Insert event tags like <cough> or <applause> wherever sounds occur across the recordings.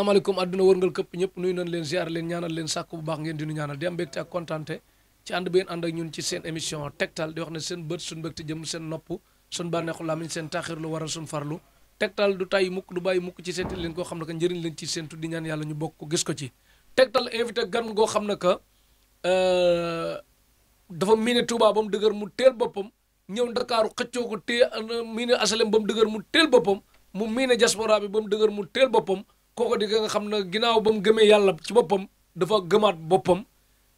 asalaamaaleykum àdduna wërngal këpp ñëpp nuyu nañ leen ziar leen ñaanal leen sàkku bu baax ngeen di nu ñaanal di am mbégte ak kontante ci ànd been ànd ak ñun ci seen émission tegtal di wax seen bët suñu mbégte jëm seen nopp suñu bànneexu làmmiñ seen taaxirlu waral suñu farlu tegtal du tàyyi mukk du bàyyi mukk ci xam ne que njëriñ leen ci seen tuddi ñaan yàlla ñu bokk gis ko ci tegtal gan goo xam ne que euh, dafa miine Touba ba mu dëgër mu teel boppam ñëw Ndakaaru xëccoo ko téye euh, miine asalem ba mu dëgër mu teel boppam mu miine diaspora bi ba mu dëgër mu teel boppam koo di nga xam ne ginnaaw ba mu gëmee yàlla ci boppam dafa gëmaat boppam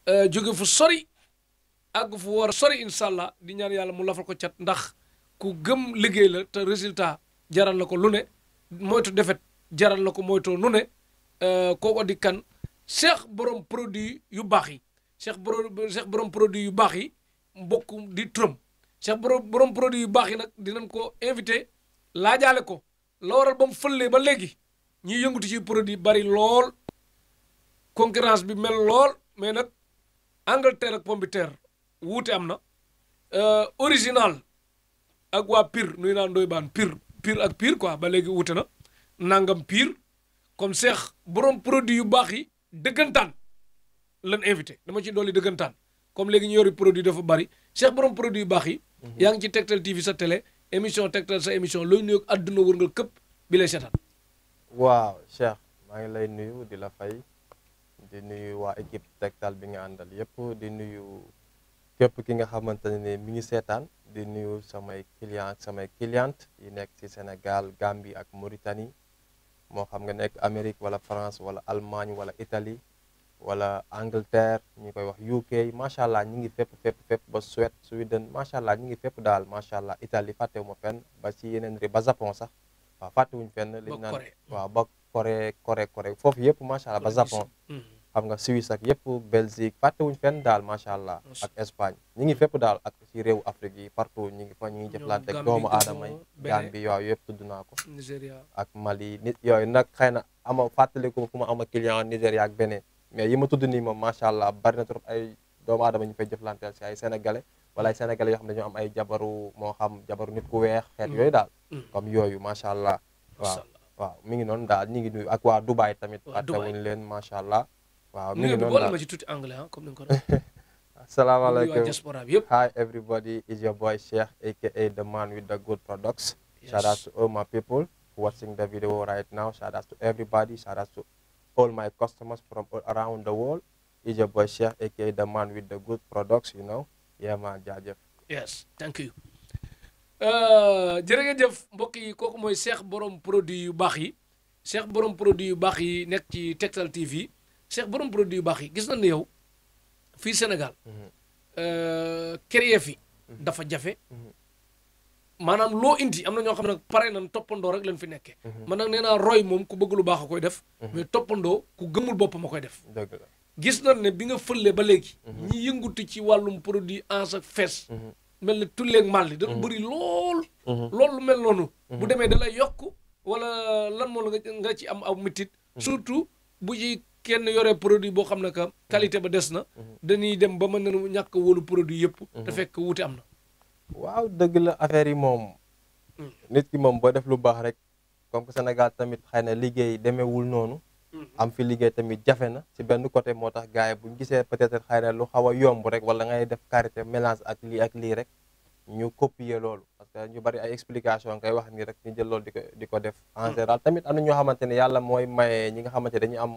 euh, jóge fu sori àgg fu war a sori allah di ñaan yàlla mu lafal ko cat ndax ku gëm liggéey la te résultat jaral la ko lu ne moytu defet jaral la ko moytoo nu ne euh, kooku di cheikh borom produit yu baax yi cheikh borom cheikh borom produit yu baax yi mbokk di turam cheikh borom borom produit yu baax yi nag dinañ ko invité laajaale ko la waral ba mu fëllee ba léegi. ñiy yëngatu ci produit bari lool concurrence bi mel lool mais nag Angleterre ak pomme de terre wuute am na euh, original ak waa Pire nuy naan doy baan piir Pire ak piir quoi ba léegi wute na nangam Pire comme seex borom produit yu baax yi dëggantaan lan invité dama ci dolli dëggantaan comme léegi ñu yori produit dafa bari seex borom produit yu baax yi. Mhm. yaa ngi ci Tektal TV sa télé émission Tektal sa émission looy nuyoog àdduna wërngal këpp bi lay seetaan. waaw Cheikh maa ngi lay nuyu di la fay di nuyu waa équipe Tektal bi nga àndal yëpp di nuyu képp ki nga xamante ne mi ngi seetaan di nuyu samay client samay cliente yi nekk ci Sénégal Gambie ak Mauritanie moo xam nga nekk Amérique wala France wala Allemagne wala Italie wala Angleterre ñu koy wax UK macha allah ñu ngi fépp fépp fépp ba Suède Sweden macha allah ñu ngi fépp daal macha allah Italie fàttewuma fenn ba ci yeneen réew ba Japon sax. waaw fàttewuñ fenn liñ naan waaw ba Corée Corée Corée foofu yëpp macha allah ba Japon hmm. xam nga Suisse ak yëpp Belgique fàttewuñ fenn daal macha allah ak Espagne ñi ngi fépp daal ak si réewu Afrique yi partout ñi ngi fa ñi ngi jëflante ak doomu aadama yi Gambie yooyu yëpp tudd naa ko ak Mali nit yooyu nag xëy na ama fàttaliku ku ma ama client Nigéria ak Bénin mais yi ma tudd nii moom macha allah bari na trop ay doomu aadama ñu fay lante si ay sénégalais wala ay sénégalais yoo xam ne am ay jabaru moo xam jabaru nit ku weex xeet mm. yooyu daal mm. comme yooyu macha allah waaw waaw mi ngi noon daal ñi ngi nuyu ak waa Dubaay tamit attewuñ leen macha allah waaw mi ngi noonu daal ma tuuti anglais ah, ko <laughs> asalaamaaleykum diaspora yëpp hi everybody is your boy Cheikh aka the man with the good products yes. shout out to all my people watching the video right now shout out to everybody shout out to all my customers from all around the world is your boy Cheikh aka the man with the good products yaa ma jaajëf. yes thank you. Euh, jërë ngeen jëf mbokk yi kooku mooy Cheikh borom produit yu baax yi Cheikh borom produit yu baax yi nekk ci Tektal TV Cheikh borom produit yu baax yi gis nañ ne yow fii Sénégal. Mhm. Euh, créer fi mhm. dafa jafe. Mhm. maanaam loo indi am na ñoo xam ne nag pare nañ toppandoo rek lañ fi nekkee. man nag nee naa roy moom ku bëgg lu baax a koy def. mais toppandoo ku gëmul boppam a koy def. gis nañ ne bi nga fële ba léegi. Mhm. ñi yëngatu ci wàllum produit ans ak fees. Mhm. mel ne tulleeg màlli dañu mhm. bëri lool. loolu lu mel noonu. bu demee da lay yokk wala lan moo la nga ci am aw mitit surtout bu ci kenn yore produit boo xam ne que qualité ba des na. dañuy dem ba mën nañu ñàkk wóolu produit yëpp. te fekk wuute am na. waaw dëgg la affaire yi moom. Mm. nit ki moom boo def lu baax rek comme que Sénégal tamit xëy na liggéey demeewul noonu. Mhm. am fi liggéey tamit jafe na ci benn côté moo tax gars yi bu ñu gisee peut-être xëy na lu xaw a yomb rek wala ngay def carité mélange ak lii ak lii rek ñu copier loolu parce que ñu bari ay explication ngay wax nii rek ñu jël loolu di ko di ko def en mhm. général tamit am na ñoo xamante ne yàlla mooy maye ñi nga xamante dañu am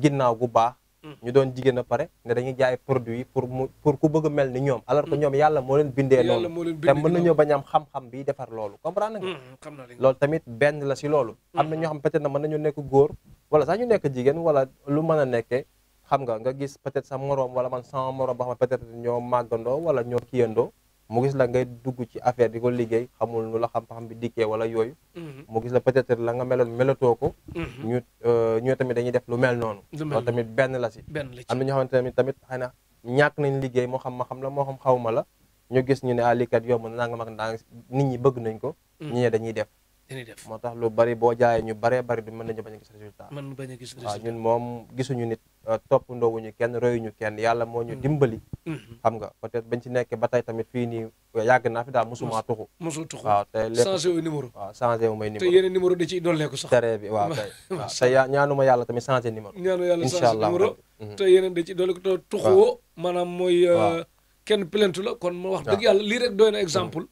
ginnaaw gu baax mhm. ñu doon jigéen a pare ne dañuy jaay produit yi pour mu pour ku bëgg mel ni ñoom alors que ñoom yàlla moo leen bindee loolu te mën nañoo bañ am xam-xam bi defar loolu comprendre nga loolu tamit benn la si loolu am na ñoo xam peut-être na mën nañu nekk góor wala sax ñu nekk jigéen walla lu mën a nekkee xam nga nga gis peut-être sa moroom wala man sama moroom ba xam ne peut-être ñoo màggandoo wala ñoo kiyandoo mu gis la ngay dugg ci affaire di ko liggéey xamul nu la xam-xam bi dikkee wala yooyu mhm. mu gis la peut-être la nga meloon melatoo ko mhm. ñu euh, ñu tamit dañuy def lu mel noonu loolu tamit benn la si am na ñoo xamante ne tamit na ñàkk nañ liggéey moo xam ma xam la moo xam xaw ma la ñu gis ñu ne ah likat yomb na nga mag ndaa nit ñi bëgg nañ ko mm. ñi dañuy def dañuy moo tax lu bari boo jaayee ñu baree bari du mën nañu bañ a gis résultat mën bañ a gis résultat waaw ñun moom gisuñu nit euh, toppandoowuñu kenn royuñu kenn yàlla moo ñu mm-hmm. dimbali mm-hmm. xam nga peut-être bañ ci nekkee ba tey tamit fii nii yàgg naa fi daal mosumaa tuxu mosul tuxu waaw te lépp changé wu numéro wu may numéro numéro da ciy dolleeku sax tere bi waaw tey <laughs> waaw te ñaanuma yàlla tamit changé numéro ñaanu yàlla changé numéro mm-hmm. te mooy euh, kenn plainte kon ma wax dëgg yàlla lii rek doy na exemple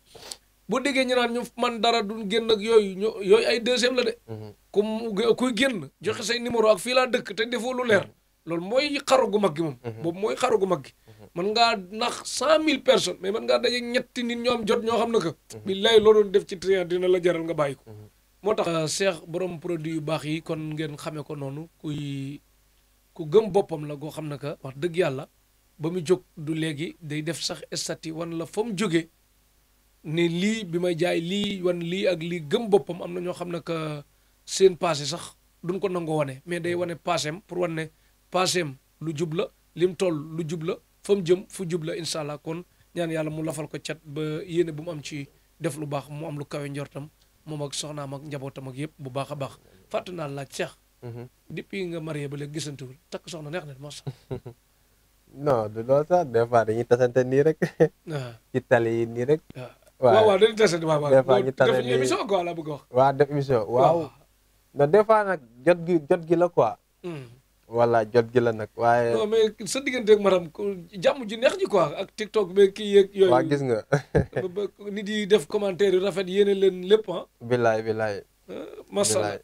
boo déggee ñu naan ñu man dara duñ génn yooyu ñu yooyu ay deuxième la de. Mhm. ku kuy génn joxe say numéro ak fii laa dëkk te defoo lu leer mhm. loolu mooy xaru gu mag gi moom. Mhm. mooy xaru gu mag gi. man ngaa nax cent mille personnes mais man ngaa daje ñetti nit ñoom jot ñoo xam ne que. billaay loo doon def ci triant dina la jaral nga bàyyi ko. moo tax euh, Cheikh boroom produit yu baax yi kon ngeen xamee ko noonu kuy ku gëm boppam la goo xam ne que wax dëgg yàlla ba mu jóg du léegi day def sax estati wan la fa mu jógee. ni lii bi may jaay lii wan lii ak lii gëm boppam am na ñoo xam ne que seen passé sax dun ko nangoo wane mais day wane passéem pour wane ne passéem lu jubla la mu toll lu jubla la fa jëm fu jubla la kon ñaan yàlla mu lafal ko cat ba yéene bu mu am ci def lu baax mu am lu kawe njortam moom ak soxnaam ak njabootam ak yëpp bu baax a baax fàtte naa laaj Cheikh. Mhm. depuis nga marié ba léegi gisantuwul takk soxna neex na mos. <laughs> non du loolu sax des fois dañuy tasante nii rek. <laughs> Ah. <laughs> rek. Ah. waaw waa dañuy tase waaw waaw. des fois ñu tase def émission quoi la bëgg wax. waaw def émission nag jot gi jot gi la quoi. Hmm. voilà jot gi la nag waaye. non mais sa digganteeg maanaam jàmm ji neex ji quoi ak TikTok beeg kii yeeg. yooyu waaw gis nga. nit yi def commentaire rafet yéene leen lépp ah. billaay billaay. Eh, macha allah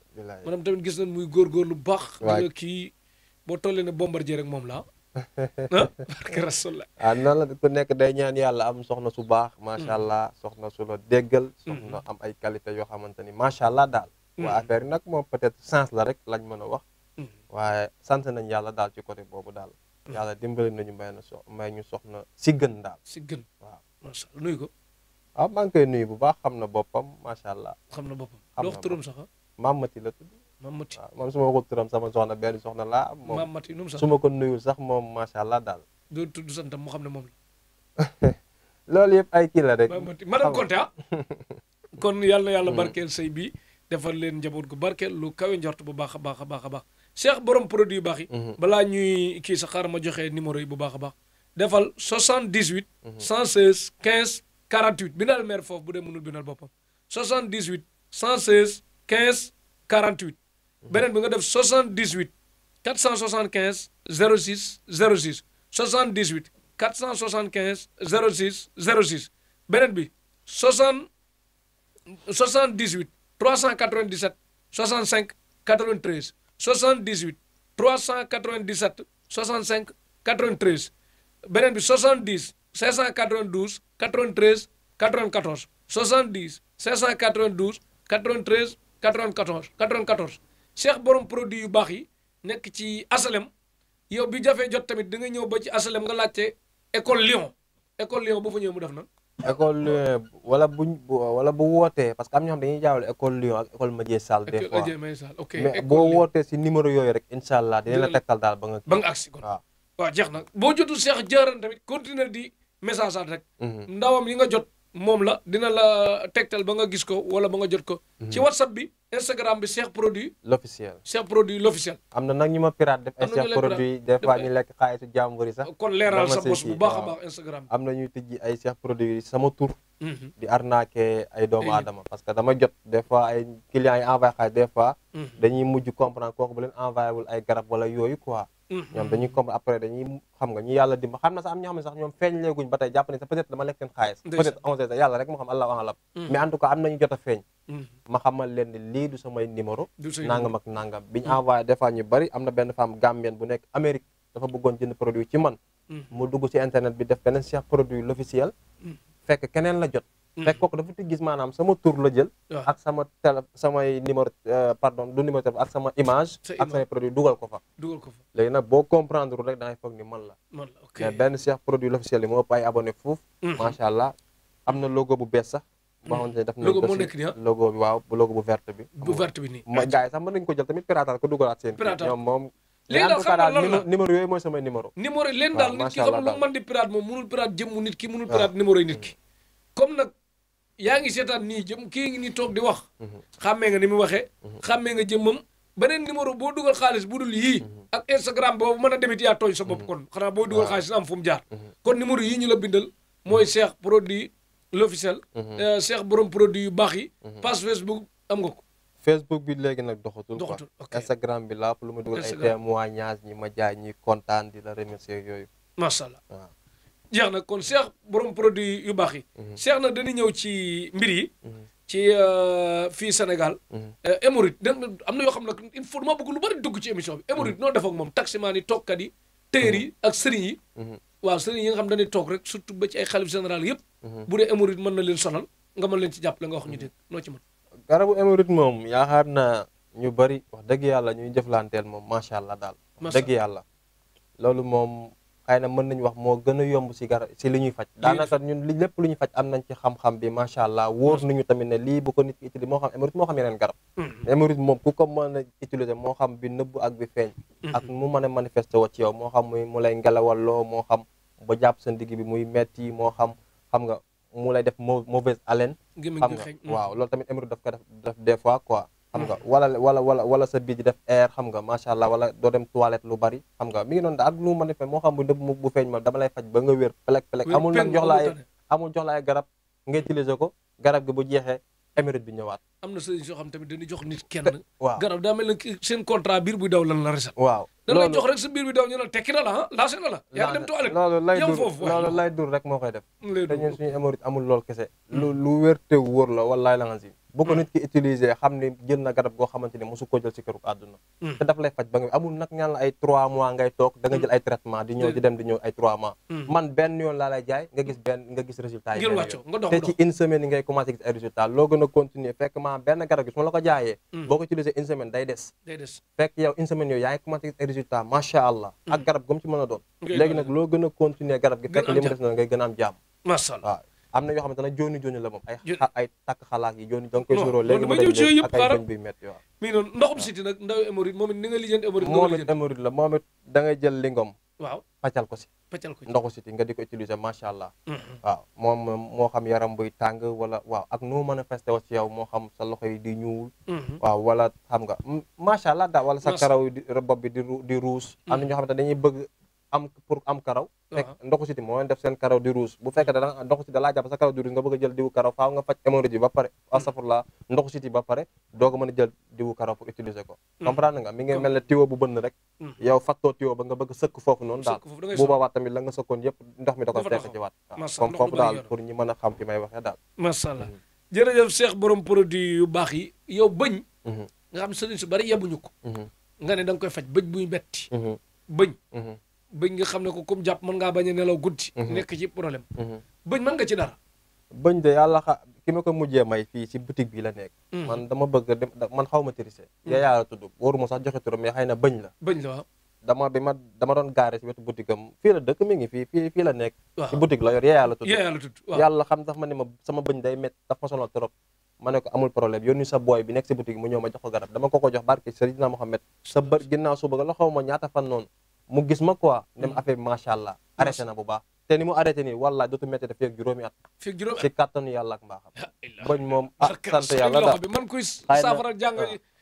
maanaam tamit gis nañ muy lu baax. waay kii boo tollee ne Bombardier rek moom la ah. <laughs> ah barke rasul la ah noonu la ku nekk day ñaan yàlla am soxna su baax hmm. allah soxna su la hmm. soxna am ay qualité yoo xamante ni macha allah daal hmm. waa affaire yi nag moom peut-être sens la rek lañ mën a wax waaye sant nañ yàlla daal ci côté boobu daal yàlla dimbali nañu may na so maa ñu soxna si gën daal si gën waaw macha allah ah, bu baax xam na boppam macha allah xam na boppam mamati waaw moom su ma ko turam sama soxna benn soxna laa. mamati nu mu sax su ma ko sax moom macha allah daal. doo tudd mu xam ne moom la. <laughs> loolu yëpp ay kii a rek. ma madame Konte ah. <laughs> kon yàlla yàlla hmm. barkeel sëy bi defal leen njaboot gu barkeel lu kawe njart bu baax a baax a baax a baax. Cheikh borom produit yu baax yi. Hmm. balaa ñuy kii sax xaaral ma joxe numéro yi bu baax a baax. defal 78. 116 15 48 bindal meer foofu bu dee mënul bindal boppam 78 116 15 48. beneen bi nga def 78 475 06 06 78 475 06 06 beneen bi 60 78 397 65 93 78 397 65 93 beneen bi 70 592 93 94 70 592 93 94 94 cheikh borom produit yu baax yi nekk ci asalem yow bi jafee jot tamit da nga ñëw ba ci asalem nga laajte école lion école Lyon bu fa ñëwee mu def na. école Lyon wala buñ wala bu wootee parce que am na xam dañuy jaawale école Lyon ak école Madié Sall. des fois mais boo wootee si numéro yooyu rek incha allah dina la tegtal daal ba nga. ba nga agsi kon waaw. jeex na boo jotul cheikh jaaran tamit continuer di message rek. Mhm. ndawam yi nga jot. moom la dina la tegtal ba nga gis ko wala ba nga jot ko. Mhm. ci whatsapp bi Instagram bi Cheikh produit. l'officiel Cheikh produit l'officiel. am na nag ñu ma pirate def. am na Cheikh produit des fois ñu lekk xaalisu jàmbur yi sax. kon leeral sa bos bu baax a baax Instagram am na ñuy tijji ay Cheikh produit sama tur. Mhm. di arnaquer ay doomu mhm. aadama. parce que dama jot des fois ay clients yi envoyé xaalis des fois. dañuy mujj comprendre kooku bu leen envoyé wul ay garab wala yooyu quoi. Mm-hmm. ñoom dañuy comprendre après dañuy xam nga ñu yàlla dimba xam na sax am ñoo xam ne sax ñoom feeñ leeguñ ba tey jàpp ne dama lekk seen xaalis peut-être xam allahu alam mm-hmm. mais en tout am nañu jot a feeñ mm-hmm. ma xamal leen ni lii du samay numéro nangam ak nangam bi ñu envoyé des fois bari am na benn femme gambienne bu nekk Amérique dafa bëggoon jënd produit ci man mu dugg ci internet bi def beneen cheikh produit l'officiel fekk keneen la jot Mm. fekk kooku dafa ti maanaam sama tur la jël ak sama télé samay numéro euh, pardon du numéro téléphone ak sama image ak samay produit dugal ko fa dugal ko léegi nag boo comprendre rek da ngay la mais benn Cheikh produit l'officiel yi moo mm-hmm. na logo bu bees sax boo mm-hmm. xamante ne daf logo moo ah? bu verte bi bu verte bi nii gars yi ko jël tamit pirataal ko dugalaat seen ñoom moom yooyu mooy samay numéro numéro leen daal nit ki xam lu mën di pirate moom mënul pirate jëmmu nit ki mënul pirate numéro yi nit ki mm-hmm. yaa ngi seetaan nii jëm kii ngi nii toog di wax xàmmee nga ni mu waxee xàmmee nga jëmmam beneen numéro boo dugal xaalis bu dul yii ak Instagram boobu mën a demit yaa tooñ sa bopp kon xanaa boo dugal xaalis na am fu mu jaar kon numéro yii ñu la bindal mooy Cheikh produit l'officiel mhm. euh, Cheikh borom produit yu baax yi mhm. page Facebook am nga ko Facebook bi léegi nag doxatul doxatul Instagram bi laa lu ma dugal ay témoignage ñi ma jaay ñi kontaan di la remercier yooyu macha allah jeex na kon Cheikh borom produit yu baax yi. Mhm. Cheikh na dañuy ñëw ci mbir yi. Mhm. ci euh, fii Sénégal. Mhm. Euh, émoride am na yoo xam ne il faut ma bëgg lu bari dugg ci émission bi. émoride noo def ak moom taximaan yi toogkat yi. téer yi ak sëriñ yi. waaw sëriñ yi nga xam dañuy toog rek surtout ba ci ay xalif général yëpp. bu dee émoride na leen sonal nga man leen ci jàppale nga wax ñu dégg noo ci mën. garabu émoride moom yaakaar naa ñu bari wax dëgg yàlla ñuy jëflanteel moom macha allah daal. macha yàlla xëy na mën nañu wax moo gën a yomb si garab si li ñuy faj daanaka ñun li lépp lu ñuy faj am nañ ci xam-xam bi macha allah wóor nañu tamit ne lii bu ko nit ki utiliser moo xam émérite moo xam yeneen garab hmm. émérite moom ku ko mën a utiliser moo xam bi nëbb ak bi feeñ hmm. ak mu mën a manifester wa ci yow moo xam muy mu lay ngelawal loo moo xam ba jàpp sa ndigg bi muy metti moo xam xam nga mu lay def mauvaise haleine xam nga waaw loolu tamit émérite daf ko def def des fois quoi xam nga hmm. wala wala wala wala sa bii di def air xam nga macha allah wala doo dem toilette lu bari xam nga mi ngi noonu ak lu ma defee moo xam bu ndëb bu feeñ ma dama lay faj ba nga wér pelek pelek amul nag jox la ay amul garab nga utiliser ko garab gi bu jeexee émérite bi ñëwaat am na sëriñ soo xam tamit dañuy jox nit kenn <laughs> waaw garab daa mel ne seen contrat biir buy daw lan la resal waaw dañ lay jox rek sa biir bi daw ñu la tekki na la ah na la yaa ngi dem loolu lay dur rek moo koy def te ñun suñu émérite amul lool kese lu hmm. lu wér te wóor la wallaay la nga si bu ko hmm. nit ki utiliser xam ne jël na garab goo xamante ne mosu ko jël si këru àdduna hmm. te daf lay faj ba nga amul nag ñaan la ay 3 mois ngay toog da nga hmm. jël ay traitement di ñëw di ñëw ay 3 mois man benn nga gis a continuer fekk ma benn garab gi su ma la ko jaayee boo ko utiliser une semaine day des fekk yow une semaine yooyu yaa a doon léegi nag loo gën a continuer garab gi fekk li mu def na ngay gën a am jàmm waaw am na yoo xamante ne jooni jooni la moom ay ay takk xalaat yi jooni donc suro léegi ma ñëw ci yooyu yëpp xaaral buy métti waaw mii noonu ndoxum siti nag ndaw hémorroïde moom it ni nga lijjanti hémorroïde moom it hémorroïde la moom it da ngay jël lingom waaw ko si paccal siti nga di ko utiliser macha allah mm-hmm. moom moo xam yaram buy tàng wala ak noo manifesté wa si moo xam sa loxo yi di ñuul mm-hmm. waaw wala xam nga macha allah daal wala sa di ruus am na mm-hmm. ñoo xamante dañuy bëgg am pour am karaw ndoxu siti moo leen def seen karaw di rouge bu fekkee da ndoxu siti da jàpp sa karaw di rouge nga bëgg a jël diwu karaw faaw nga faj hémorroïde ba pare hmm. astafurla ndoxu siti ba pare doo ko mën a jël diwu karaw pour utiliser ko hmm. comprendre nga mi ngi tiwo bu bënn rek hmm. yow fattoo tiwo ba nga bëgg sëkk foofu noonu daal bu ko fekk ci waat comme foofu daal a xam fi may waxee daal masha Allah jërëjëf Cheikh borom produit yu baax yi yow bëñ nga xam sëriñ su bari yebuñu ko nga ne da nga koy faj bu buy metti bëñ bëñ nga xam ne ko comme jàpp mën ngaa bañ a nelaw guddi. Mhm. nekk ci problème. Mhm. bëñ mën nga ci dara. bëñ de yàlla xa ki ma ko mujjee may fii si boutique bi la nekk. Mhm. dama bëgg man xaw ma tirise. yaa joxe turam mais na bëñ la. bëñ la waaw. dama bi ma dama doon mi ngi fii fii fii la nekk. ci boutique la yor yaa yaa la tudd. yaa yaa la tudd yàlla xam sax ma ne ma sama bëñ day métti daf ma sonal trop. ma ne amul problème yónni sa booy bi nekk ci boutique mu ñëw ma jox ko garab dama ko ko jox barke Seydina Mohamed sa bër ginnaaw suba la xaw ma ñaata fan noonu mu gis ma quoi. Mm. dem affaire bi macha allah arrêté na bu baax. te ni mu arrêté nii wallaahi dootu métti dafay ak juróomi at. si kattanu yàlla ak mbaaxam. bañ moom ah yalla yàlla daal man kuy saafara jàng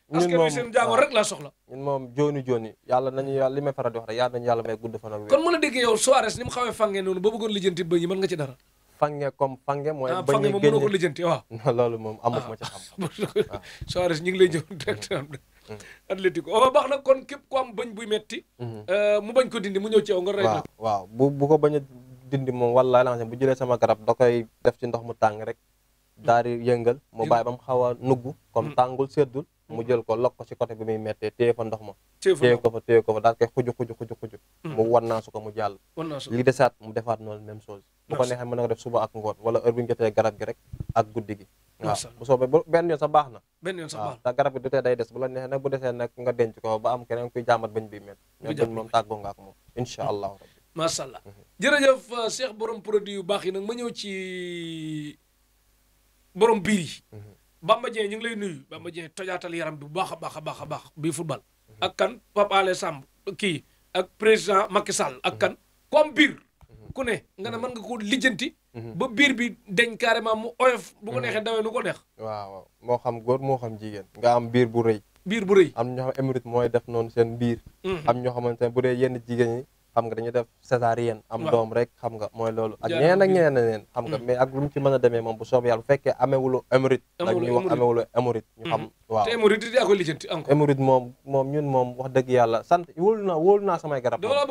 ñun moom seen jàngo rek laa soxla. ñun moom jooni jooni yàlla nañu yàlla li may faral di wax rek yàlla nañu yàlla may kon mën a dégg yow Suarez ni mu xawee fange noonu ba bëggoon lijjanti bëñ yi nga ci dara. fange comme fange mooy. ah fange moom mënoo ko lijjanti waaw. <laughs> loolu moom amu ah. ma ci xam. <laughs> Suarez ñu ngi lay jël <laughs> directeur Mm-hmm. atlético oo oh, baax na kon képp ko am bañ buy metti mm-hmm. uh, mu bañ ko dindi mu ñëw ci yow nga rey waaw bu bu ko bañ a dindi moom wallaahi la bu jëlee sama garab da koy def ci ndox mu tàng rek daal di yëngal mu bàyyi ba mu xaw a nugg kon mm-hmm. tàngul seddul mu jël ko lokk ko ci côté bi muy méttee téye fa ndox ma téye ko fa téye ko fa daal koy xuju xuju xuju xuju mu wannaasu ko mu jàll li desaat mu defaat noonu même chose bu ko neexee mën na ko def suba ak ngoon wala heure bu ñu jotee garab gi rek ak guddi gi waaw bu soobee bu benn yoon sax baax na benn yoon sax baax na garab gi du day des bu la neexee nag bu desee nag nga denc ko ba am keneen kuy jaamat bañ bi mel mais bañ moom tàggoo nga ak moom incha allahu rabbi macha allah mhm. jërëjëf euh, Cheikh borom produit yu baax yi nag ma ñëw ci borom biir yi ma mhm. jee ñu ngi lay nuyu Bamba Dieng tojaatal yaram bi baax a baax a baax a baax bii football mhm. ak kan Pape Alé Samb kii ak président Macky Sall ak kan comme biir ku ne nga ne mm-hmm. mën nga koo lijjanti. Mm-hmm. ba biir bi deñ carrément mu oyof. bu ko mm-hmm. neexee dawee nu ko neex. waaw moo xam góor moo xam jigéen. nga am biir bu rëy. biir bu rëy am ñoo xam mooy def noonu seen biir. am ñoo xamante ne bu dee yenn jigéen ñi. xam nga dañu def césarienne am doom rek xam nga mooy loolu ak ñeneen ak ñeneen neen xam nga mm. mais ak lu mu ci mën a demee moom bu soob yàlla bu fekkee amewulu hémorroïde ak ñuy wax amewulu hémorroïde ñu xam mm-hmm. waaw te hémorroïde moom moom ñun moom wax dëgg yàlla sant wóolu na wóolu naa samay garab dama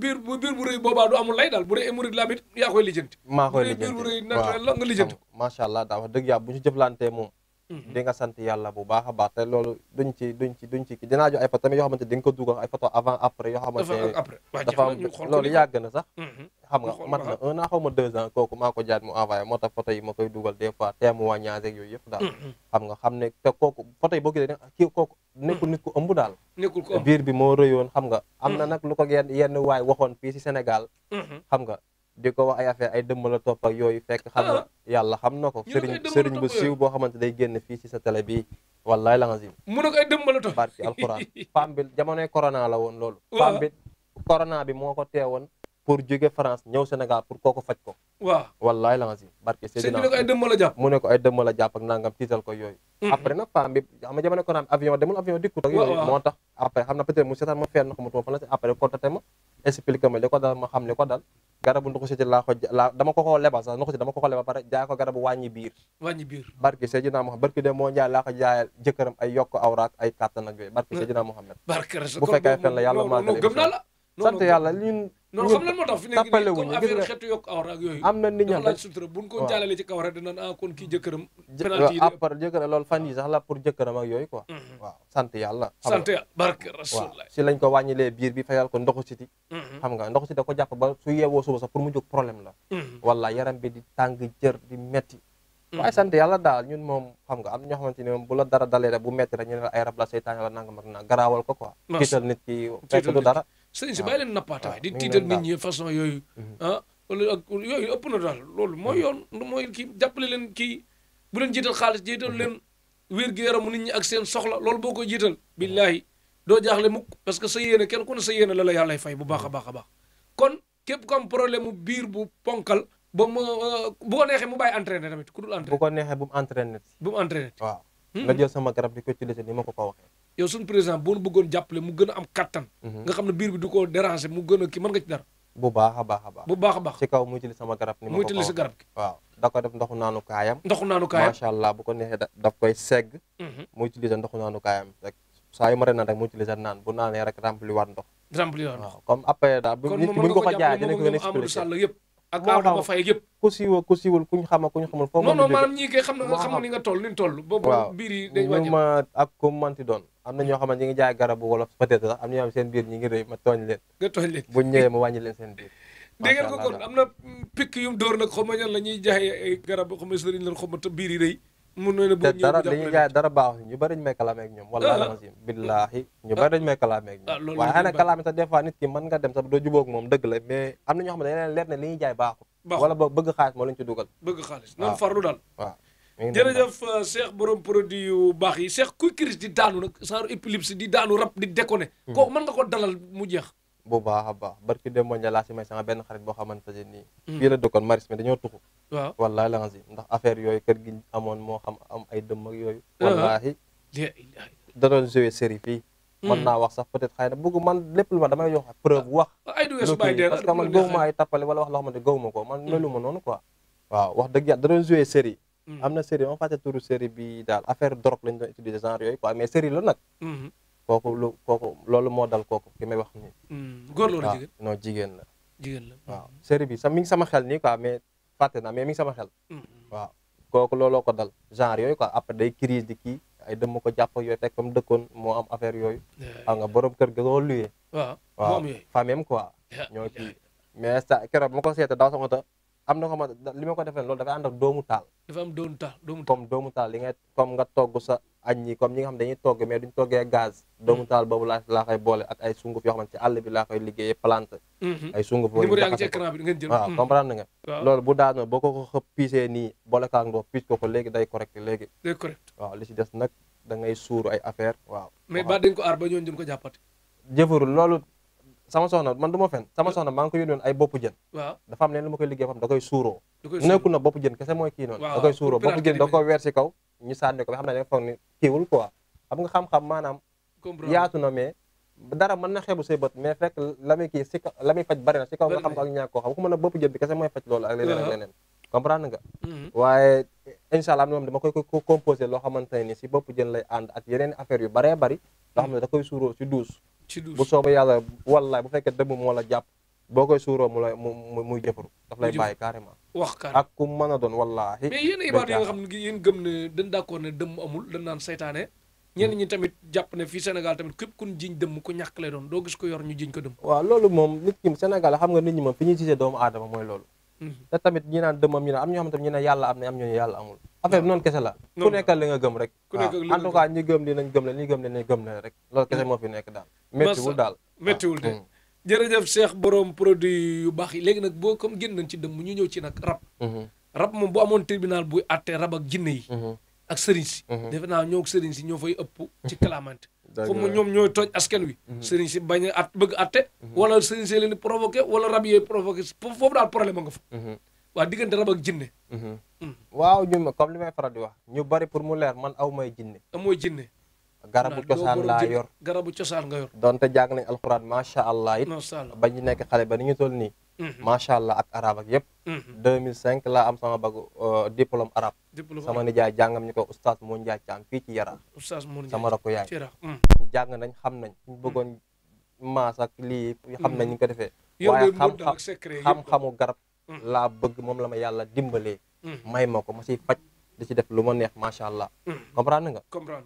biir biir bu rëy boobaa du amul lay daal bu dee hémorroïde laa bit yaa koy lijjanti maa allah daa wax dëgg yàlla bu ñu jëflantee moom Mm-hmm. di nga sant yàlla bu baax a baax te loolu duñ ci duñ ci duñ ci ki dinaa jox ay photo yoo xamante di nga ko dugal ay photo avant après yoo xamante loolu yàgg sax mm-hmm. xam nga mat na un an xaw ma kooku maa ko jaat mu envoyé moo ta photo yi ma koy dugal des fois témoignage ak yooyu yëpp daal mm-hmm. xam nga xam ne te kooku photo yi boo gisee kii kooku nekkul nit ku ëmb daal biir bi moo rëyoon xam nga am na nag lu ko yenn yenn waay waxoon fii si Sénégal xam nga di ko wax ay affaire ay dëmm la topp ak yooyu fekk xam na ah. yàlla xam na ko sëriñ sëriñ bu siiw boo xamante day génn fii si sa télé bi wallaay la nga sim mu ne ko ay dëmm la topp barki alxuraan <laughs> fam bi jamonoy corona la woon loolu fam bi bi moo ko teewoon pour jóge France ñëw Sénégal pour kooku faj ko. waaw wallaay barke Seydina mu ne ko ay dëmm la jàpp mu ne yooyu. après nag yooyu moo tax ma fenn xamutuma fan la barke Seydina Mohamed barke de yooyu mm. fen la yàlla maa gëm naa la sant yàlla ñun non xam lan moo tax fi nekk nii comme affaire xeetu yokk awra ak yooyu am na nit ñoo laaj sutura buñ ko jàllale ci kaw rek dinañ ah kon kii jëkkëram penalty yi à ah, part fan yi sax la pour jëkkëram ak yooyu quoi mhm. waaw sant si lañ ko wàññilee biir bi fayal ko ndoxu siti mhm. nga ndoxu da ko jàpp ba su yeewoo suba sax pour mu jóg problème la mhm. wala yaram bi di tàng jër di metti waaye sant yàlla daal ñun moom xam nga am ñoo xamante ni moom bu la dara dalee bu metti ñu ne la seytaan la nangam ak sëriñ si ah. bàyyi leen nappaata ah, di tiital nit ñi façon yooyu mm-hmm. ah, yooyu ëpp na daal loolu mooy mm-hmm. yoon mooy kii jàppale leen kii bu leen jiital xaalis jiital leen mm-hmm. wér gi yaramu nit ñi ak seen soxla loolu boo ko jiital billaahi doo jaaxle mukk parce que sa yéene kenn ku ne sa yéene la la yàllay fay bu baax a baax a baax kon képp ku problème mu biir bu ponkal bu ko neexee mu bàyyi entraîné tamit ku dul entraîné bu ko bu mu entraîné bu mu entraîné waaw hmm? nga jël sama garab di ko ci li ma ko ko waxee yow suñu président boo bëggoon jàppale mu gën a am kattan. Mhm. nga xam ne biir bi du ko déranger mu gën a kii mën nga ci dara. bu baax a baax a baax bu baax a baax ci kaw muy ni ma ko muy tili sa garab def ndoxu naanu kaayam ndoxu naanu kaayam macha allah bu ko neexee daf mhm. naan rek naan bu naanee rek rempli waat ndox rempli waat ndox comme après daal buñ ko ko jaayee dinañ ko gën a expliquer yëpp ak laaw da nga fay yëpp ku siiwal ku siiwal kuñ xama kuñ xamul foo non non maanaam ñii xam na xamoon ni nga toll ni toll boobu biir yi dañ ma ak ko manti doon am na ñoo xam ne ñi ngi jaay garabu wolof peut-être sax am na ñoo xam seen biir ñi ngi rëy ma tooñ leen nga tooñ leen buñ ñëwee ma wàññi seen biir dégg ko kon am na pikk yum dóor nag xaw ma ñan la ñuy jaay ay garab sëriñ leen xaw ma biir yi rëy mun na la dara li ñuy jaay dara baaxu ñu bari dañ may kalaamee ak ñoom wallaahi ah, ah. alazim billaahi ñu bari dañ may kalaamee ak ñoom ah, waaye xanaa kalaame sax des fois nit ki mën nga dem sax doo jubóog moom dëgg la mais am na ñoo xam ne leer ne li ñuy jaay bëgg xaalis moo lañ ci dugal bëgg xaalis noonu farlu daal euh, borom produit yu baax yi Cheikh kuy crise di daanu nag saaru épilepsie di daanu rab di déconné hmm. kooku mën nga ko dalal mu jeex bu baax a baax barki dem moo laa si may sama benn xarit boo xamante ne nii hmm. fii la dëkkoon maris mais dañoo tuxu waaw la nga si ndax affaire yooyu kër gi amoon moo xam am ay dëmm ak yooyu ah. wallaahi da doon joué série fii hmm. mën naa wax sax peut-être xëy na man lépp lu ma damay wax ah, parce que wala wax loo xamante gawuma ko man hmm. melu ma noonu quoi waaw wax dëgg yàlla da doon joué série am na série ma fàtte turu série bi daal affaire drop lañ doon utiliser genre yooyu quoi mais série la nag kooku lu kooku loolu moo dal kooku ki may wax ni hmm, góor loolu ah, jigéen la jigéen la waaw série bi sa sama xel ni ko mais fàtte naa mais mi sama xel hmm, hmm. waaw kooku looloo ko dal genre yooyu ko après day crise di kii ay dëmm ko jàpp yooyu fekk comme dëkkoon moo am affaire yooyu xam nga kër ga koo luyee waaw famem ñoo kii mais sa keroog ma ko seete daaw sama ta am na xamante li ma ko defee loolu dafay ànd ak doomu taal. dafa am doomu taal doomu taal comme doomu taal li nga comme nga togg sa añ yi comme ñi nga xam dañuy togg mais duñ toggee gaz. doomu mm. taal boobu laa laa boole ay sunguf yoo xamante ci àll bi laa koy plante. Mm-hmm. ay sunguf boobu ñu jaxase ko waaw mm. comprendre nga. loolu ko piis ko ko léegi day correct léegi. day correct waaw li ci des nag da ay affaire waaw. mais loolu sama soxna man du ma fen sama soxna maa ngi ko yónnoon ay boppu jën waaw dafa am leen koy liggéey ko ba xam ne dafa foog ni kiiwul xam nga xam-xam maanaam yaatu na mais dara mën na xeebu say bët mais fekk la kii la faj bari na si kaw nga xam ko ak ñàkk koo xam ku mën a boppu jën bi kese mooy faj loolu ak leneen ak leneen comprendre nga mm-hmm. moom dama koy ko composé loo xamante ne ni si boppu jën lay ànd ak yeneen affaire yu baree bari loo xam ne da koy suuroo si douze ci douche bu soobee yàlla wallaay bu fekkee dëmm moo la jàpp boo koy suuroo mu lay mu muy jëfaru daf lay bàyyi carrément. wax carrément ak ku mën doon wallaahi. mais yéen ibaadu xam ne gëm ne dañ d'accord ne dëmm amul dañ naan saytaane. ñenn ñi tamit jàpp ne fii Sénégal tamit képp ku ñu jiñ dëmm ku ñàkk lay doon doo gis ko yor ñu jiñ ko dëmm. waaw loolu moom nit ki Sénégal xam nga nit ñi moom fi ñuy gisee doomu aadama mooy loolu. Mhm. te tamit ñi naan dëmmam ñi ne am ñoo xam ne yàlla am na am ñoo yàlla amul affaire bi noonu kese la ku nekk li nga gëm rek waaw ah, en tout cas ñi gëm dinañ gëm leen ñi gëm dinañ gëm leen loolu kese moo fi nekk daal méttiwul daal méttiwul de ah, mm. jërëjëf Cheikh borom produit yu baax yi léegi nag boo comme génn nañ ci dëmm ñu ñëw ci nag rab mm-hmm. rab moom bu amoon tribunal buy àtte rab ak jinne yi mm-hmm. ak sëriñ si mm-hmm. defe naa ñoo sëriñ si ñoo fay ëpp ci clamante comme ñoom ñooy tooj askan wi sëriñ si bañ at bëgg àtte wala sëriñ si leen di wala rab yee provoqué foofu daal problème nga fa waa diggante rab ba jinne mhm. mm. waaw ñun comme li may faral di wax ñu bari pour mu leer man aw may jinne amooy jinne garabu cosaan laa yor garabu cosaan nga yor donte jàng nañ alxuraan macha allah it ba ñu nekk xale ba ni ñu sol nii mhm. macha allah ak arab ak mhm. mille cinq laa am sama bagu euh, diplôme arabe sama nijaay jàngam ñu ko oustaz moo njaay caam fii ci yara sama rakku yaay mm. jàng nañ xam nañ ñu mm. bëggoon maas ak lii xam nañ ñu ko defee waaye xam-xamu garab Mm-hmm. laa bëgg moom la ma yàlla dimbalee mm-hmm. may ma ko ma siy faj di ci def lu ma neex macha allah mm-hmm. comprendre nga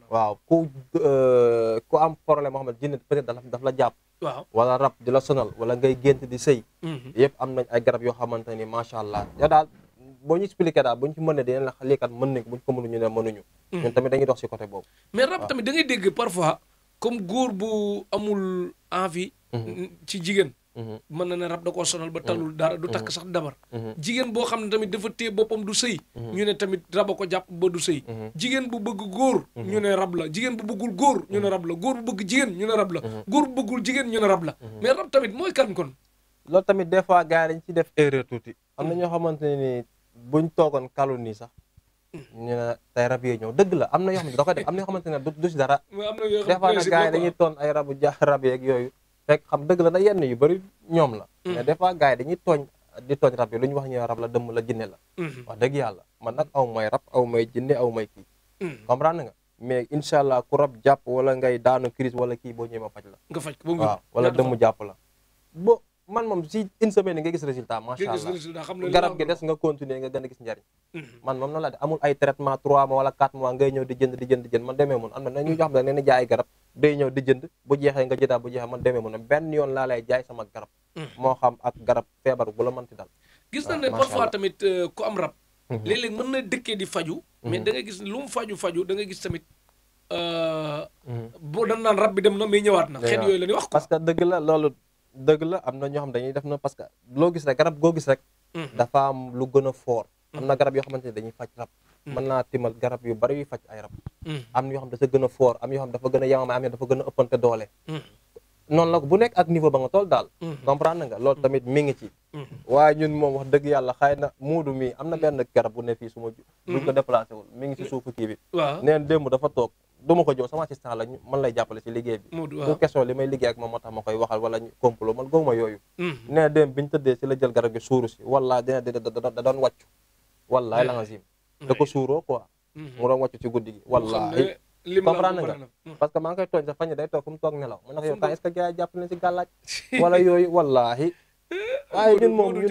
waaw ku euh, ku am problème moo xam ne jinne peut-être daf la jàpp waaw wala rab di la sonal wala ngay gént di sëy yëpp am nañ ay garab yoo xamante ni macha allah ya daal boo ñu expliqué daal bu ñu ci mën ne dinañ la liikat mën nañ ko bu ñu ko mënuñu ne mënuñu ñun tamit dañuy dox si côté boobu mais rab tamit da ngay dégg parfois comme góor bu amul envie ci jigéen Mm-hmm. mën na ne rab da koo sonal ba talul mm-hmm. dara du mm-hmm. takk sax dabar jigéen boo xam ne tamit dafa téye boppam du sëy ñu ne tamit rab ko jàpp ba du sëy jigéen bu bëgg góor ñu ne rab la jigéen bu bëggul góor ñu ne rab la góor bu bëgg jigéen ñu ne rab la góor bëggul jigéen ñu ne rab la mais rab tamit mooy kan kon loolu tamit des fois gars yi ci def erreur tuuti am na ñoo xamante ne ni buñ toogoon kalu nii sax ñu ne tey rab yee ñëw dëgg la am na yoo xam ne da koy def am na xamante ne du du si dara <laughs> des fois nag gars toon ay rabu ja rab yeeg yooyu fekk xam dëgg la na yenn yu bëri ñoom la mm. mais des fois gars yi dañuy tooñ di tooñ rab yi lu ñu wax ñu rab la dëmm la jinne la mm-hmm. wax dëgg yàlla man nag aw may rab aw may jinne aw may kii mm. comprendre nga mais incha allah ku rab jàpp wala ngay daanu crise wala kii boo ñëwee ma faj la nga faj ko waaw wala dëmm jàpp la bo man moom si une semaine nga gis résultat macha garab gi des nga continuer nga gën a gis njariñ mm-hmm. man moom noonu la de amul ay traitement trois mois wala quatre mois ngay ñëw di day ñëw di jënd bu jeexee nga jëndaat bu jeexee man demee mu ne benn yoon laa lay jaay sama garab hmm. moo xam ak garab feebar bu la mënti dal gis euh, mhm. na ne parfois tamit ku rab léeg-léeg dëkkee di faju mais mhm. da gis lu mu faju faju da nga gis tamit euh, mhm. boo dañ naan rab bi dem na mais ñëwaat na la ñuy parce que dëgg la loolu dëgg la am na ñoo xam dañuy def na parce que loo gis rek garab goo gis rek hmm. dafa am lu gën a foor hmm. am na garab yoo xamante ne dañuy faj rab mën mm. naa timal garab yu bari mm. a foor a yamama am yoo a ëppante doole mm. noonu bu nekk ak ba nga tool daal comprendre nga loolu tamit mi ngi ci waaye ñun moom wax dëgg yàlla xëy bu ne fii su ma buñ ko déplacé wul mi ngi ci suufu ma ko jox sama man lay jàppale ci liggéey bi bu question li may liggéey ak moom moo tax ma koy waxal wala ñu complot man gowma yooyu nee démb biñu tëddee ci la jël garab gi suuru si wallaahi da doon wàccu wallaahi la da ko suuroo quoi. Mhm. mu doon wàcc ci guddi gi. wallaahi comprendre nga parce que maa ngi koy tooñ sax fañ day toog fu mu toog nelaw mu ne ko na si gàllaaj <laughs> wala yooyu wallaahi. Eh, waaye ah. fii moom ñun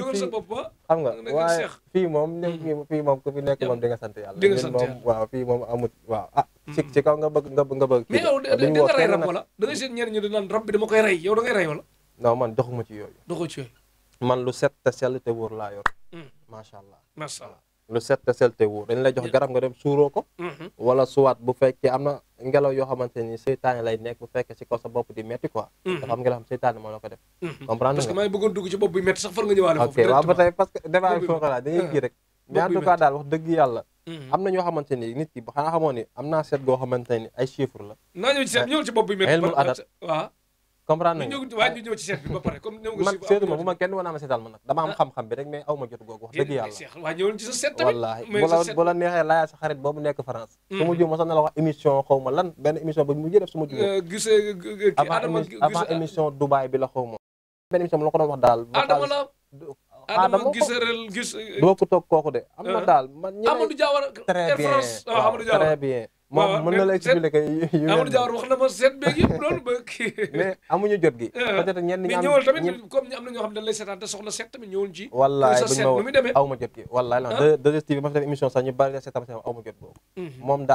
mm. fii moom ku nekk moom di nga sant di nga sant yàlla fii moom amut waaw ah. Mm. ci kaw nga bëgg nga bëgg nga da nga rey rab wala da nga seet ñenn ñu di naan rab bi dama koy rey yow da ngay rey wala. non man doxuma ci yooyu. doxoo ci yooyu. man lu set te sell te wóor laa yor. Mm. macha allah lu set te sel te wóor dañ jox garab nga dem suuroo ko mm-hmm. suwaat bu fekkee am na ngelaw yoo xamante ni seytaane lay nekk bu fekkee si kaw sa bopp di metti mm-hmm. am ngelaw xam seytaane moo la ko def mm-hmm. comprendre parce que maa dugg ci bopp bi metti sax nga ñëwaale foofu ok waaw ba rek mais en tout cas daal wax dëgg yàlla am na ñoo xamante nit ki xanaa xamoon am naa seet goo xamante ni ay la comprendre nañu waaye ñu ñëw ci chef bi ba pare comme man seetuma bu ma kenn woon naa ma seetal ma nag dama am ah. xam-xam bi rek mais aw jot googu wax dëgg yàlla waaye ñëwoon bu boobu nekk France mm. su ma jóg mosoon na émission xaw ma lan benn émission ba mu jëdef su ma jógee euh, euh, euh, émission Dubaï bi la xaw benn émission la ko doon wax daal Adama la Adama gisëral gis doo ko toog kooku de am na daal man Amadou Diawara très bien ah, très bien moom ma seet beeg yëpp loolu daa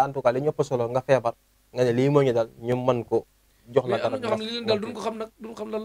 en tout ñu ëpp solo nga feebar nga ne lii moo ñu dal ko jox la dara mais xam nag duñ xam lan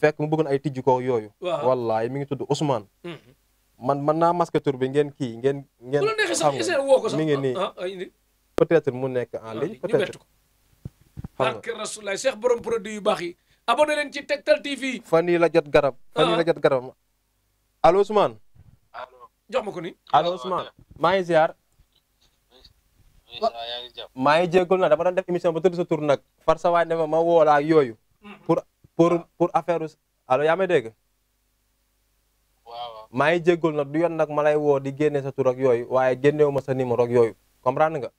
fekk mu bëggoon ay tijjikoo yooyu. waaw wallaay mi ngi tudd Ousmane. Mhm. man man naa masque tur bi ngeen kii ngeen. ngeen xam nga mi ngi nii ah, ah, peut être mu nekk en ah, ligne peut être. xam nga Rasulullah Cheikh produit yu baax yi. abonné leen ci Tektal TV. fan yii la jot garab. fan yii la jot garab allo Ousmane. jox ma ko nii. allo Ousmane maa ngi maa ngi jégalu na dama doon def émission ba tudd sa tur nag far sa waay ne ma ma woo yooyu. Mm. pour pour pour affaire allo yaa may dégg. waaw maa ngi jéggul nag du yoon nag ma lay woo di génne sa tur ak yooyu waaye génnewu sa numéro yooyu comprendre nga.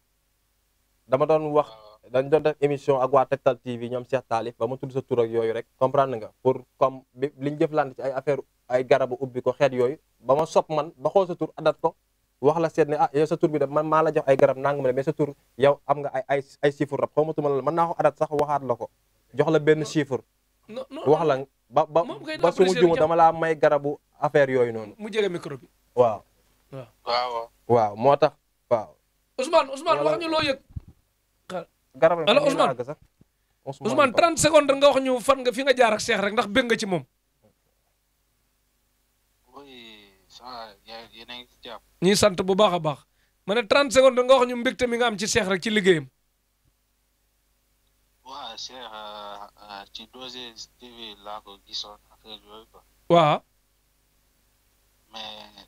dama doon wax dañ doon def émission ak waa Tektal TV ñoom Cheikh Talif ba ma tudd sa ak yooyu rek comprendre nga pour comme bi li ñu jëflante ci ay affaire ay garabu ubbi ko xeet yooyu ba ma sopp man ba xool sa tur adat ko. wax la seet ne ah yow sa bi de man maa la jox ay garab nangam ne mais sa yow am nga ay ay ay chiffre rab ma tuma la mën naa ko adat sax waxaat la ko jox la benn chiffre wax la ba ba ba su ma juum dama laa may garabu affaire yooyu noonu. mu jege micro bi. waaw. waaw waaw moo tax waaw. Ousmane Ousmane wax ñu loo yëg. garab yi allo Ousmane Ousmane 30 secondes nga wax ñu fan nga fi nga jaar ak Cheikh rek ndax bëgg nga ci moom. ñi sant bu baax a baax. ma ne 30 secondes nga wax ñu mbégte mi nga am ci Cheikh rek ci liggéeyam. Euh, ci 2STV laa ko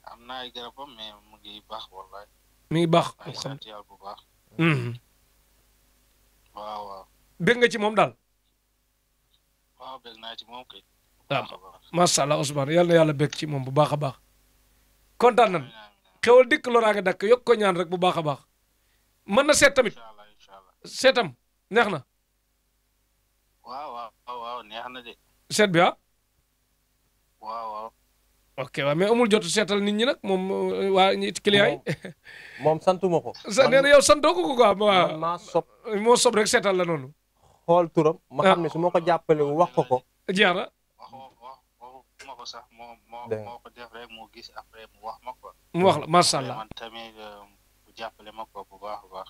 am na ay garabam mais mu ngi baax wallaay. mi ngi baax sant yàlla bu baax. Hmm. waaw waaw. nga ci moom daal. waaw bëgg naa ci moom kay. waaw ah, macha allah Ousmane yal na yàlla bëgg ci moom bu baax a baax. kontaan nañu xewal dikk loraange dakk yokk ko ñaan rek bu baax a baax. mën na seet tamit seetam neex na. waaw waaw waaw neex na de. seet bi ah. waaw waaw. ok waaw mais amul jotu seetal nit ñi nag moom euh, waa ñi client yi. moom santuma ko. <laughs> sa nee na yow santoo ko ko quoi. man maa sob moo sob rek seetal la noonu. xool turam. ma ah. xam ne su ma ko jàppale wax ko ko. jeex na. ma ko sax moo moo moo ko def rek mu gis après mu wax ma ko. mu wax la macha allah man tamit bu euh, jàppale ma ko bu baax a baax.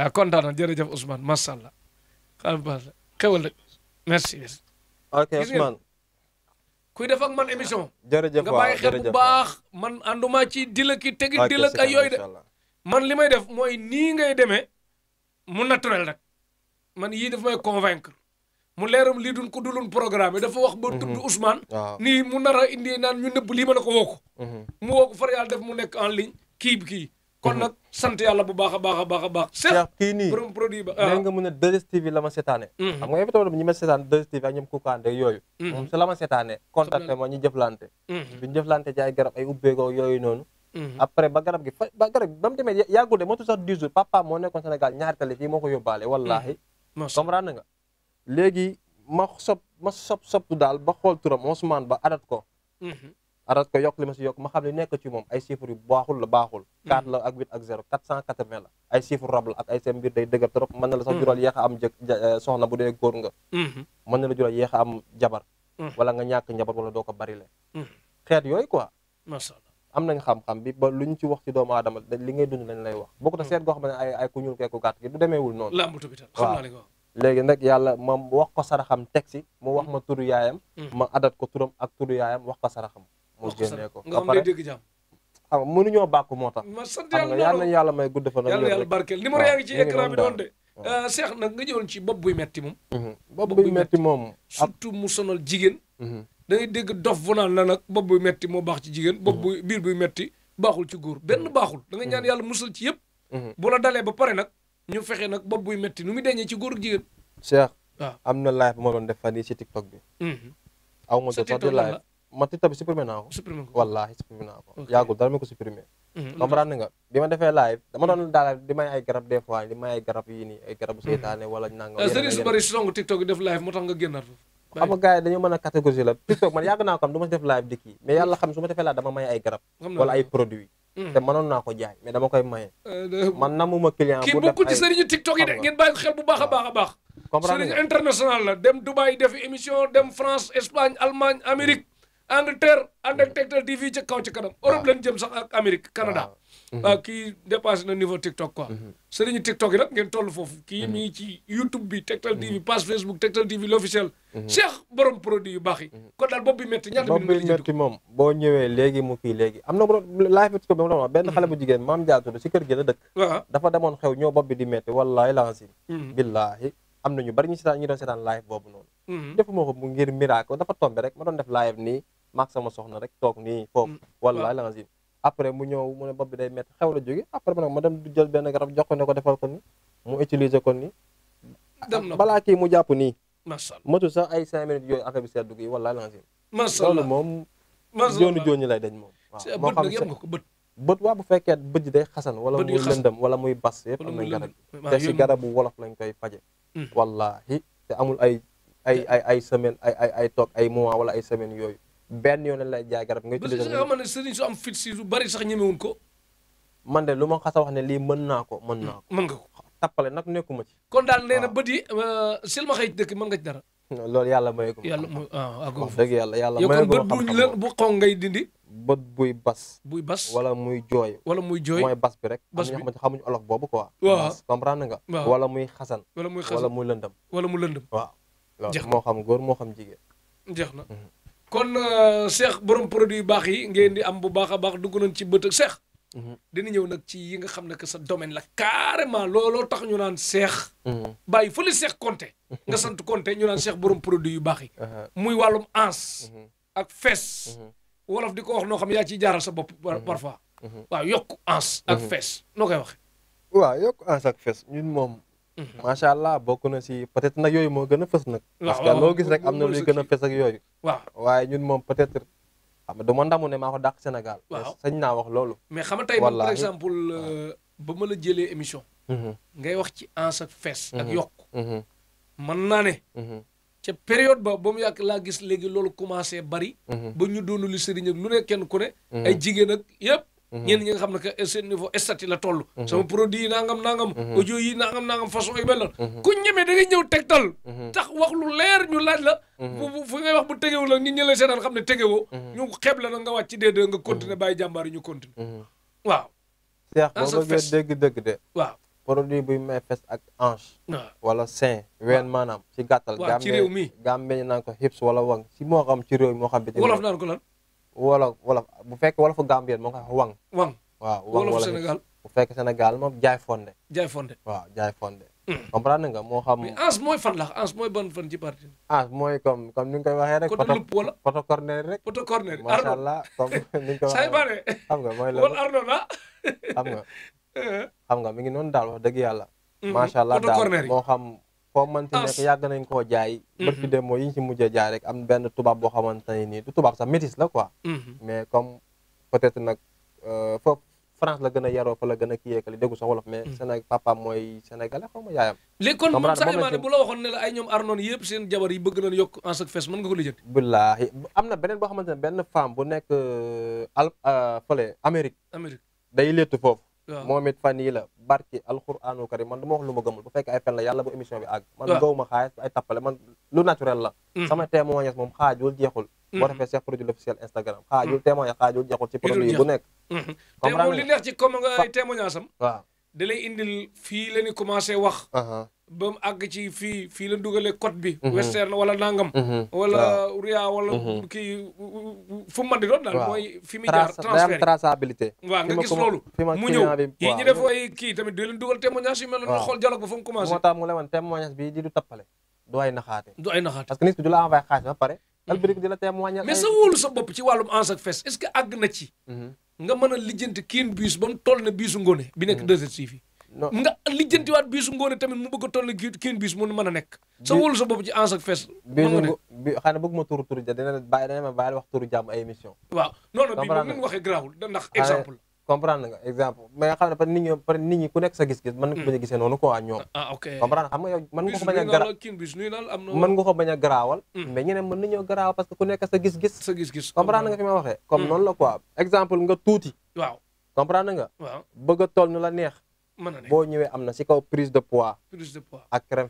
ah kontaan na jërëjëf Ousmane macha allah xewal rek. merci. ok Ousmane. kuy def ak man émission. jërëjëf waaw nga bàyyi xel baax man ànduma ci dila ki tegi dila ak yooyu de. man li may def mooy nii ngay demee mu naturel rek man yii def may convaincre mu leeram lii duñ ko dulun programme dafa wax ba tudd mhm. Ousmane. nii mu nar a indi naan ñu nëbb lii ma ne ko woo mhm. mu woo far yàlla def mu nekk en ligne kii kii. kon nag sant yàlla bu baax a baax a baax a baax. Cheikh kii nii borom produit ba nee nga ah. mën a 2STV mm-hmm. mm-hmm. la ma seetaane. xam nga yow itam ñi ma seetaan 2STV ak ñoom Kounkandé yooyu. moom su la ma seetaane contacté ma ñu jëflante. Mm-hmm. jëflante ci ay garab ay ubbeekoo yooyu noonu. après ba garab gi fa ba garab gi ba mu demee yàggul de motul sax 10 jours papa moo nekkoon Sénégal ñaari tali fii moo ko yóbbaale wallaahi. comprendre nga léegi ma sob ma sob sobtu daal ba xool turam Ousmane ba adat ko. arat ko yokk li ma si yokk ma xam ne nekk ci moom ay chiffres yu baaxul la baaxul 4 hmm. la ak 8 ak 0 480 la ay chiffres rab la ak ay seen hmm. a am jëk eh, soxna bu dee góor nga hmm. mën na la jural yeex am jabar wala nga ñàkk njabar wala doo ko bari le xeet yooyu quoi masha am nañ xam-xam bi ba lu ñu ci wax ci doomu aadama li ngay dund lañ lay wax bokkut a seet goo xam ne ay ay ku ñuul kee ku gàtt gi du demeewul noonu léegi nag yàlla ma wax ko saraxam teg si mu wax ma turu yaayam ma adat ko turam ak turu yaayam wax ko mu génnee ko nga xam day dégg jàmm xam ah, nga mënuñoo moo tax ma sant yàlla yal nañu yàlla may gudd fan yàlla yàlla barkeel numéro yaa ngi ci écran bi doon de seex ah, nag nga ñëwoon ci bopp buy metti moom mhm. bopp buy metti moom surtout mu sonal jigéen mhm. da dégg dof bu naan la nag bopp buy metti moo baax ci jigéen bopp mhm. buy biir buy metti baaxul ci góor benn baaxul da nga ñaan yàlla musal ci yëpp bu la dalee ba pare nag ñu fexe nag bopp buy metti nu mu deñee ci góor ak jigéen Cheikh waaw am na live moo doon def fan yi ci TikTok bi aw ma jot sax di ma Twitter bi supprimé naa ko. supprimé ko naa ko. yàggul dara mi ko supprimé. comprendre nga bi ma defee live dama doon mmh. a naa ko am ma dama koy maye. Eh, man namuma client bu def ay kii bokkul yi de ngeen bàyyi ko xel bu baax a baax a baax. comprendre sëriñ international la dem Dubaï def émission dem France Espagne Allemagne Amérique Angleterre ànd ak Tektal TV ca kaw ca kanam. Ah. Europe lañ jëm sax ak Amérique Canada. waaw ah. mhm. ah, kii dépassé na niveau TikTok quoi. Mhm. sëriñu TikTok yi nag ngeen toll foofu. kii mi mhm. ngi ci YouTube bi Tektal TV page Facebook Tektal TV l'officiel. Cheikh borom produit yu baax yi. kon daal bopp bi métti ñaata bi métti moom boo ñëwee léegi mu ki léegi am na laaj bi ko bi ma xale bu jigéen maam jaatudu si kër gi la dëkk. dafa demoon xew ñoo bopp bi di métti wallaahi lancé. billaahi am na ñu bari ñu seetaan ñu doon seetaan live boobu noonu. defuma ko mu ngir miracle dafa tombé rek ma doon def live nii maak sama soxna rek toog nii foofu mm, wallaahi la après mu ñëw mu ne bopp day métti xew la jóge après mu nag ma dem jël benn garab jox ko ne ko defal ko ni mu utiliser ko ni balaa kii mu jàpp nii matu sax ay cinq yooyu affaire bi seddu gi wallaahi la azim loolu moom jooni jooni lay dañ moom waaw moo xam bët waa bu fekkee bët day xasan wala muy lëndëm wala muy bas yëpp am nañ garab te si garabu wolof lañ koy faje mm. wallaahi te amul ay ay ay ay semaine ay ay ay toog ay mo wala ay semaine yooyu benn yoon la jaay garab nga utilisé. nga xam ne sëriñ su am fit si lu bari sax ñemewuñ ko. man de lu ma xas a wax ne lii mën naa ko mën naa ko. mën nga ko tappale nag nekkuma ci. kon daal nee na bët yi euh, silma xëy dëkk mën nga dara. loolu yàlla maye ko. yàlla mooy ah ak yàlla yàlla maye ko xam-xam bu dindi. bët buy bas. buy bas wala muy jooy. wala muy jooy bas bi rek. bas bi am na xamuñu olof boobu quoi. waaw comprendre wala muy xasan. wala muy xasan wala muy lëndëm. wala mu lëndëm. waaw loolu moo xam góor moo xam jigéen. jeex na mhm. kon euh, Cheikh borom produit yu baax yi ngeen di am bu baax a baax dugg nañ ci bët ak Cheikh. Mhm. ñëw nag ci yi nga xam ne que sa domaine la carrément looloo tax ñu naan Cheikh. Mhm. bàyyi fële seex Konté. nga sant Konté ñu naan seex borom produit yu baax yi. Uh-huh. muy wàllum ans. Mhm. ak fees. wolof di ko wax noo xam yaa ciy jaaral sa bopp. parfois waaw yokk ans. ak fees noo koy wax waaw yokk ans ak fees ñun moom. Mm-hmm. macha allah bokk na si peut être nag yooyu moo gën a fës nag. parce que loo gis rek am na luy gën a fës ak yooyu. waaw waaye ñun moom peut être xam nga du ma ndamu ne maa ko dàq Sénégal. waaw sañ naa wax loolu. mais xam nga tey man par exemple euh, ba ma la jëlee émission. Mm-hmm. ngay wax ci ans ak fees. ak mm-hmm. yokk. man naa ne. ca période ba ba mu yàgg laa gis léegi loolu commencé bari. ba ñu doonu li sëriñ ak lu ne kenn ku ne. ay jigéen ak yëpp. Mhm. ñenn ñi nga xam ne que seen niveau statut la toll mhm. sama produit yi nangam nangam mhm. audio yi nangam nangam façon yu mel noonu ku ñemee da ngay ñëw tegtal tax wax lu leer ñu laaj la bu fu ngay wax bu tegewu la nit ñi lay xam ne tegewoo ñu xeeb la na nga wàcc ci déedéet nga continuer bàyyi jàmbaar ñu continuer waaw seex ah, boo bëggee dégg dëgg de waaw produit buy may fes ak hanche wala sein ween maanaam si gàttal ci réew mi gàmbeñ naan ko hips wala wang si moo xam ci réew moo xam bi wolof naan ko lan wolof wolof bu fekk wolofu Gambien moo koy wax wang. wang waaw wang wolofu Sénégal bu fekk Sénégal moom jaay fonde. jaay fonde waaw jaay fonde. Hmm. comprendre nga moo xam. mais ans mooy fan la ans mooy ban fan ci parti. ans mooy comme comme ni nga koy waxee rek. poto poto corner rek. poto corner Ardo macha allah comme ni nga koy waxee. Saibane xam la. xam nga ah. <laughs> eh. xam nga mi ngi noonu daal wax dëgg yàlla. Hmm, hmm. macha allah moo xam. foo mënti nekk yàgg nañ koo jaay mm-hmm. bërki dem moo yi ñu ci mujjee jaay rek am benn tubaab boo xamante ne nii du tubaab sax métis la quoi mm-hmm. mais comme peut-être nag euh, foofu a gën a kiyeekali déggu sax wolof mais mm-hmm. Sénégal papa mooy sénégalais xaw ma yaayam léegi kon moom bu la waxoon ne ay ñoom Arnon yëpp seen jabar yi bëgg nañ yokk en chaque fes mën nga ko lijjanti billaahi am na beneen boo xamante benn femme bu nekk euh, al euh, fële Amérique Amérique day léttu foofu moom it fan yii la barki alxuraanu karim man du ma wax lu ma gëmul bu fekkee ay fen la yàlla bu émission bi àgg man gaw ma xaalis ay tappale man lu naturel la mm. sama témoignage moom xaajul jeexul mm. boo defee Cheikh produit officiel Instagram xaajul mm. témoignage xaajul jeexul ci produit yi bu nekk mm-hmm. comme li neex ci comme nga ay da indil fii la commencé wax. ba mu àgg ci fii fii la dugalee côte bi. Mhm. western wala nangam. Mhm. wala ria wala. Mhm. kii fu mu mën di doon daal. waaw mooy fi muy jaar transfert yi traçabilité. waaw nga gis loolu. mu ñëw yi ñu def kii tamit di leen dugal témoignage yu mel noonu. xool dialogue ba fa mu commencé. moo tax mu du ay naxaate. du ay naxaate parce que nit ki du la envoyé xaalis ba pare. albérique di la témoignage. mais sa sa bopp ci wàllum ans ak fes est-ce que àgg na ci. nga mën a lijjanti kiin biis ba mu toll ne biisu ngoone bi nekk 2STV mm. yi nga lijjantiwaat biisu ngóone tamit mu bëgg a toll ne kiin biis mu mën a nekk sa wóolu sa bopp ci ans ak fees bi xanaa bëgg ma turu turu ja dina bàyyi dana ma bàyyi wax turu jàmm ay émission waaw non non bii moom ni mu waxee garaawul comprendre nga exemple mais ku nekk sa gis-gis nga ko bañ a gisee noonu quoi ñoom ah, ah, comprendre xam nga nga ko bañ a gara mën na ko bañ a garaawal hmm. mais ñeneen mën parce que ku nekk sa gis-gis comprendre fi ma waxee comme hmm. noonu la quoi exemple nga tuuti waaw comprendre nga nu la neex boo ñëwee am na si kaw prise de poids prise de poids ak crème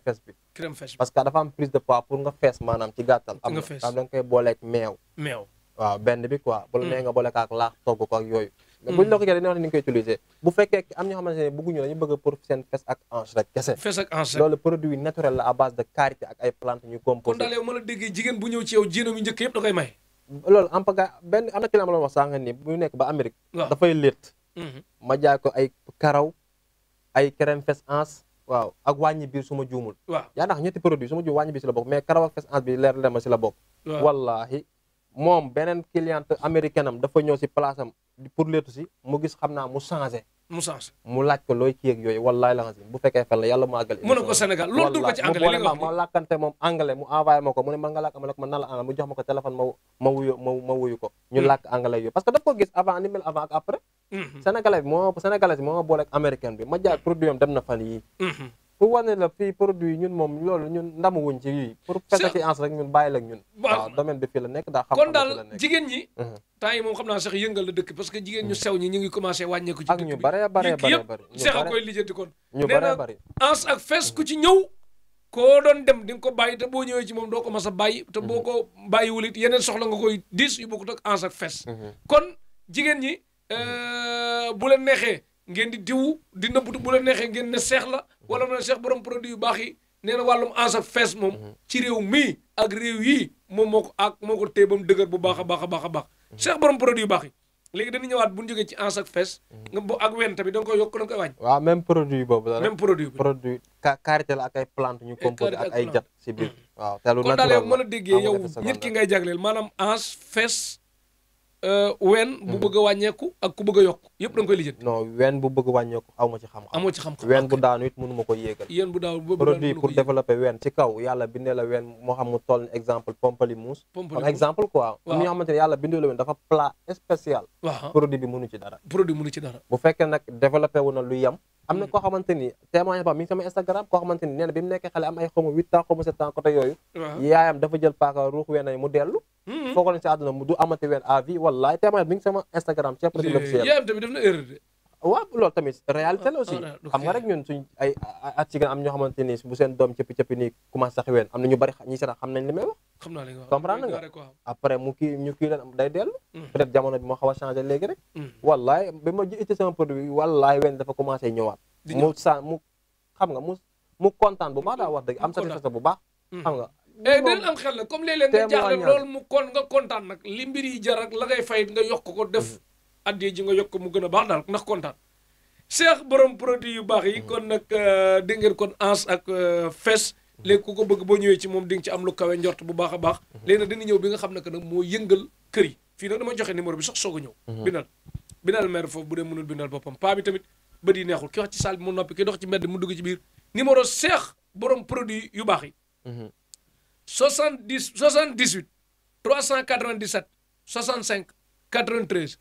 parce que dafa am prise de poids pour nga fees maanaam ci gàttal am na da nga koy booleeg meew meew waaw benn bi quoi bu la hmm. nee nga booleeg ak laax togg ko buñ la ko jëlee dañoo ni ñu koy utiliser bu fekkee am ñoo xamante ne bëgguñu dañu bëgg pour seen fes ak ange kese fes ak ange loolu produit naturel la à base de ak ay plante ñu composé kon daal yow ma la déggee jigéen bu ñëw ci yow jéenoom da koy may loolu am benn am na ci la ma doon wax sànq bu nekk ba Amérique dafay létt hmm. ma jaay ko ay karaw ay crème fes ange waaw ak wàññi biir su ma juumul waaw yaa ndax ñetti produit su ma juum wàññi biir si la bokk mais karaw ak si la bokk wallahi moom beneen cliente américaine am dafa ñëw si place am pour si mu gis xam naa mu changé. mu changé mu laaj ko looy kii ak yooyu wallaahi la bu fekkee fen la yàlla mu àggale. mu ne Sénégal loolu dul ko ci anglais li nga wax ma làkkante moom anglais mu envoyé ma ko mu ne man nga làkk ma ne man nan la jox ma ko téléphone ma ma wuyu ma ma wuyu ko. ñu hmm. làkk anglais yooyu parce que daf ko gis avant ni mel avant ak après. Hmm. sénégalais bi moo sénégalais bi moo bi ma jaay produit am dem na fan yii. Hmm. pour wane la fii produit yi ñun moom loolu ñun ndamu wuñ ci yii pour fekk ci ans rek ñun bàyyi la ñun waaw domaine bi fii la nekk daa xam kon daal jigéen ñi mhm. temps yi moom xam naa sax yëngal la dëkk parce que jigéen ñu mhm. sew ñi ñu ngi commencé wàññeeku ci dëkk bi ak ñu bare bare bare bare seex a kon ñu bare bare ans ak fees ku ci koo doon dem di nga ko bàyyi te boo ñëwee ci moom doo ko mas a bàyyi te boo mhm. ko bàyyiwul it yeneen soxla nga koy diis yu bokkut ak ans ak fees kon jigéen ñi euh, bu leen neexee ngeen di diw di nëbbu bu la neexee ngeen ne seex la wala na seex borom produit yu baax yi nee na wàllum ansa fees moom mhm. ci réew mii ak réew yii moom moo ak moo ko téye ba mu bu baax a baax a baax a baax mhm. seex borom produit yu baax yi léegi dañu ñëwaat bu ñu jógee ci ans ak fes mhm. nga bo ak wen tamit da nga koy yokk da nga koy wàññi. waaw même produit boobu la même produit la ak ay ñu composé ak ay jat si biir mm. waaw te mën a déggee yow nit ki ngay jagleel maanaam ans fes Euh, wen bu bëgg a wàññeeku ak ku bëgg a yokk yëpp da nga koy lijjanti. non wen bu bëgg wàññeeku aw ma ci xam-xam. amoo ci xam-xam wen bu daanu it mënu ko yéegal. yéen bu daaw bu pour développer ween ci kaw yàlla bindee la wen moo xam mu toll exemple pamplemousse. pamplemousse exemple quoi. waaw ñi nga xamante yàlla bindee la wen dafa plat spécial. waaw bi mënu ci dara. produit mënu ci dara. bu fekkee nag développé wu na lu yem. am na hmm. koo xamante ni témoignage ba sama Instagram koo xamante ni bi mu nekkee xale am ay xamu huit ans xamu sept yooyu yaayam dafa jël paaka ruux ween ay mu dellu hmm. si àdduna mu du amati ween à vie wallaay témoignage bi sama Instagram chef yaayam tamit def na erreur de waaw loolu tamit réalité la ah, aussi ah, xam nga rek ñun suñ ay at ci gën am ñoo xamante ni bu seen doom cëppi cëppi nii commencé sax ween am na ñu bari ñi seetaan xam nañ li may wax comprendre nga hmm. a rek hmm. wallaay ba ma ji itti sama produit wallaay ween dafa commencé ñëwaat mu sa mu bu baax hmm. xam nga eh, dinañ am xel la comme léeg nga kontaan nag li mbir yi jar nga yokk ko def addee ji nga yokk ko mu gën a baax daal ndax kontaan seex borom produit yu baax yi kon nag euh, dégg ngeen kon ans ak euh, fees léegi ku ko bëgg boo ñëwee ci moom di nga ci am lu kawe njort bu baax a baax mhm. léegi nag dina ñëw bi nga xam ne que nag moo yëngal kër yi fii nag dama joxe numéro bi sax soog a ñëw mhm. bindal bindal maire foofu bu dee mënul bindal boppam paa bi tamit bët yi neexul ki wax ci salle bi mu noppi ki dox ci mbedd mu dugg ci biir numéro seex borom produit yu baax yi 70 78 397 65 93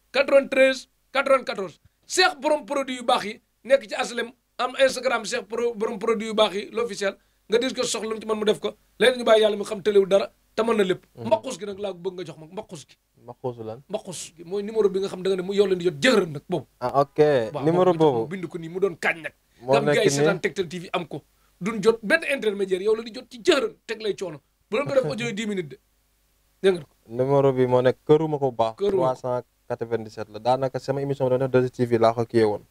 93 94 Cheikh borom produit yu baax yi nekk ci aslem am Instagram Cheikh borom produit yu baax yi l'officiel nga dis ko soxla ci man mu def ko léegi ñu bàyyi yàlla mi xam tëlewul dara te mën na lépp. Hmm. mbaqus gi nag laa bëgg nga jox ma mbaqus gi. mbaqusu lan mbaqus gi mooy bi nga xam da nga ne mu yow leen di jot jëgërën nag boobu. ah ok mu doon kañ nag. moo nekk nii gars TV am ko. duñ jot benn intermédiaire yow la di jot ci jëgërën teg lay coono bu doon ko def audio bi moo nekk këru ma ko baax. këru 300 97 la daanaka sama émission bi doon def 2STV laa ko woon.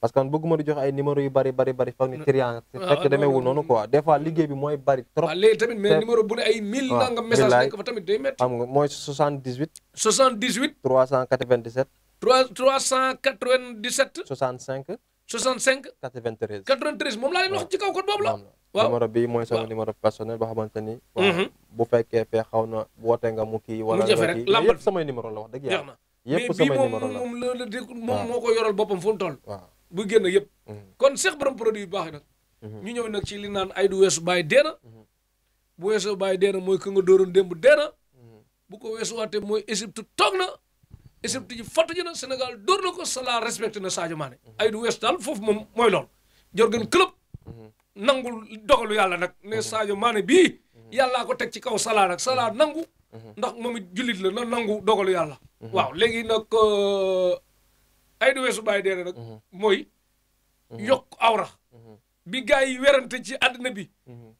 parce que bëgguma di jox ay numéro yu bari bari bari ni triant fekk ah, demeewul noonu quoi des fois liggéey bi mooy bari trop waaw tamit mais numéro bu ne ay mille nangam message nekk fa tamit day métti xam nga mooy 78 78 397 3 moom laa leen wax ci kaw code boobu la numéro bi mooy sama numéro personnel boo xamante mhm. bu fekkee fee xaw na woote nga mu kii wala mu samay numéro la wax dëgg yàlla yëpp sama numéro la mais bii moom moom la la moom moo ko yorol boppam fu mu toll. waaw bu génn yëpp. Mm-hmm. kon seex borom produit bi baax na mm-hmm. ñu ñëw nag ci li naan ay du weesu bàyyi dee na. Mm-hmm. bu weesoo bàyyi dee na mooy ka nga dóoroon démb dee bu ko weesu weesuwaatee mooy Égypte toog na. Égypte ji fàttu ji na Sénégal dóor na ko Salah respecté na Sadio maane ay du weesu daal foofu moom mooy loolu. Jürgen Klopp. nangul dogalu yàlla nag ne Sadio Mané bii. yàllaa ko teg ci kaw Salah nag Salah nangu. Mhm. ndax moom it jullit la na nangu dogalu yàlla. Mhm. waaw léegi nag euh, ay du weesu bàyyi dee nag. Mhm. mooy yokk awra. bi gars yi werante ci àddina bi.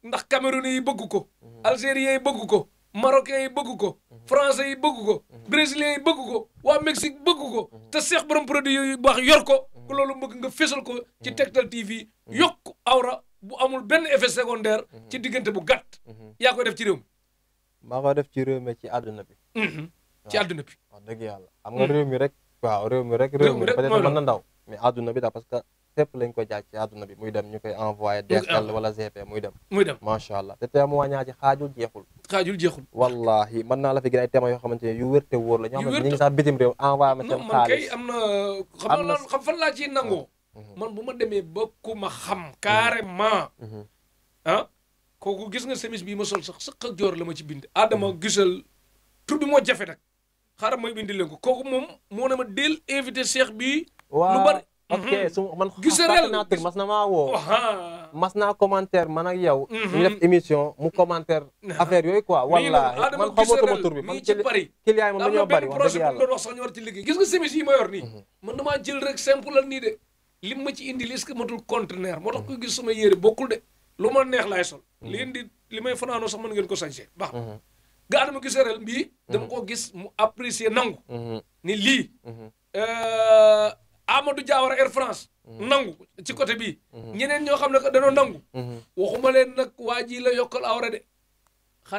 ndax Cameroun yi bëgg ko. Algériens yi bëgg ko. Marocains yi bëgg ko. Français yi bëgg ko. Brésiliens yi bëgg ko. waa Mexique bëgg ko. te seex borom produit yooyu baax yor ko. ku loolu bëgg nga fésal ko. ci Tektal TV yokk awra bu amul benn effet secondaire. ci diggante bu gàt yaa koy def ci réew mi maa ko def ci réew mi ci àdduna bi. Mhm. ci àdduna bi. wax dëgg yàlla xam nga mhm. réew mi rek. waaw réew mi rek réew mi peut-être mën na daw mais àdduna bi daal parce que fépp lañ ko jaaj ci àdduna bi muy dem ñu koy envoyé. DSL wala GP muy dem. muy dem macha allah te teemu wàññaa ci xaajul jeexul. xaajul jeexul. wallahi mën naa la fi gën ay teema yoo xamante ne yu wér te wóor la. ñu xam ne ñu ngi sax bitim réew am na xam naa xam fan laa ciy nangoo. Mhm. man bu ma demee ba ku ma xam carrément. ah kooku gis nga semis bii ma sol sax sëq ak joor la ma ci bind Adama gisal tur bi moo jafe nag xaaral mooy bindi leen ko kooku moom moo ne ma del invité Cheikh bii lu bari ok mhm. su man gisareel naa tur mas na maa woo mas naa commentaire man ak yow mhm. ñu def émission mu commentaire affaire yooyu quoi wala man xamatuma tur bi man ci bari client yi moom dañoo bari wax dëgg yàlla doon wax sax ñu war ci liggéey gis nga semis yi ma yor ni mhm. man damaa jël rek simple la nii de lim ma ci indi li est-ce que matul conteneur moo tax ko gis sama yére bokkul de lu ma neex laay sol. Mm-hmm. leen di li may fanaanoo sax mën ngeen ko sañse baax na. Mm-hmm. gaa dama gis ren bii. Mm-hmm. dama koo gis mu apprécier nangu. ni lii. Euh, Amadou Diawara Air France. nangu ci côté bii. ñeneen ñoo xam ne que danoo nangu. waxuma leen nag waa ji la yokkal awra de.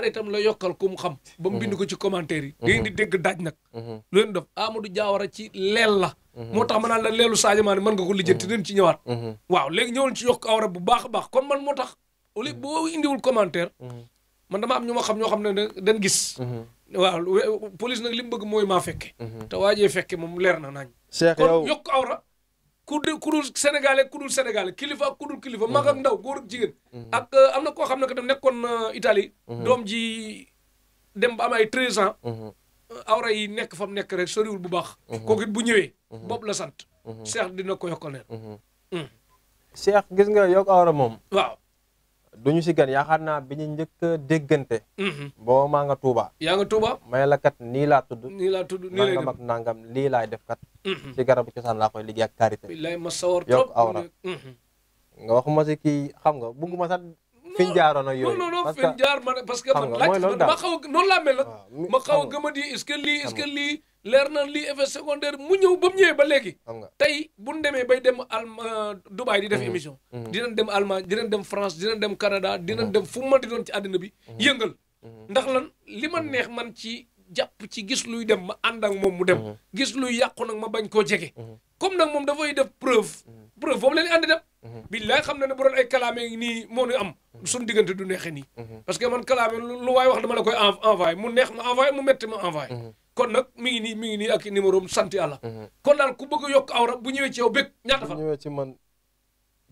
itam la yokkal ku mu xam. ba mu bind ko ci commentaire yi. Mhm. da ngeen di dégg daaj nag. Mhm. lu leen def Amadou Diawara ci leel la. Mhm. moo tax ma naan la leelu Sadio Mané mën nga ko lijjanti dinañ ci ñawaat waaw léegi ñëwoon ci yokk awra bu baax a baax kon man moo tax. au lieu boo indiwul commentaire. man dama am ñu ma xam ñoo xam ne dan gis. waaw police nag li mu bëgg mooy maa fekke te waajee fekke moom leer na nañ. Cheikh yow kon yokk awra ku dul ku dul sénégalais ku dul sénégalais kilifa ak kilifa. mag ak mhm. ndaw góor ak jigéen. Mhm. ak euh, am na koo xam ne que daf nekkoon euh, Italie. Mhm. doom ji dem ba am ay treize ans. Euh, awra yi nekk fa mu nekk rek soriwul bu baax. kooku it bu ñëwee. bopp la sant. Cheikh dina ko yokkal neen. Mm. gis nga yokk awra moom. du ñu si gan yaakaar naa bi a déggante. Mhm. boo maa nga Touba. yaa nga Touba. may la kat nii laa tudd. nii laa tudd nii lay nangam ak a lii laay def kat. si mhm. garabu cosaan laa koy liggéey ak karité. billaay ma sawar trop yokk awra. Mhm. nga waxuma si kii xam nga bugguma sax. fiñ yooyu parce que a a di est-ce que lii leer na lii effet secondaire mu ñëw ba mu ñëwee ba léegi. xam nga tey bu ñu demee bay dem Alma euh, Dubaï di def mm-hmm. émission. Mm-hmm. dinañ dem Allemagne dinañ dem France dinañ dem Canada mm-hmm. dinañ dem fu mu mënti doon ci àddina bi. yëngal ndax lan li man neex man ci japp ci gis luy dem ma ànd ak moom mu dem. gis luy yàqu nag ma bañ koo jege. comme nag moom dafay def preuve. preuve boobu la ñuy àndi dem. billaay xam na bu doon ay kalaame nii moo am. suñ diggante du neexee nii. parce que man kalaame mu neex ma envoyé mu metti ma envoyé. kon nag mi ngi nii mi ngi nii ak numéro am sant yàlla. Mhm. kon daal ku bëgg a yokk awra bu ñëwee ci yow bëgg ñaata fan. bu ñëwee man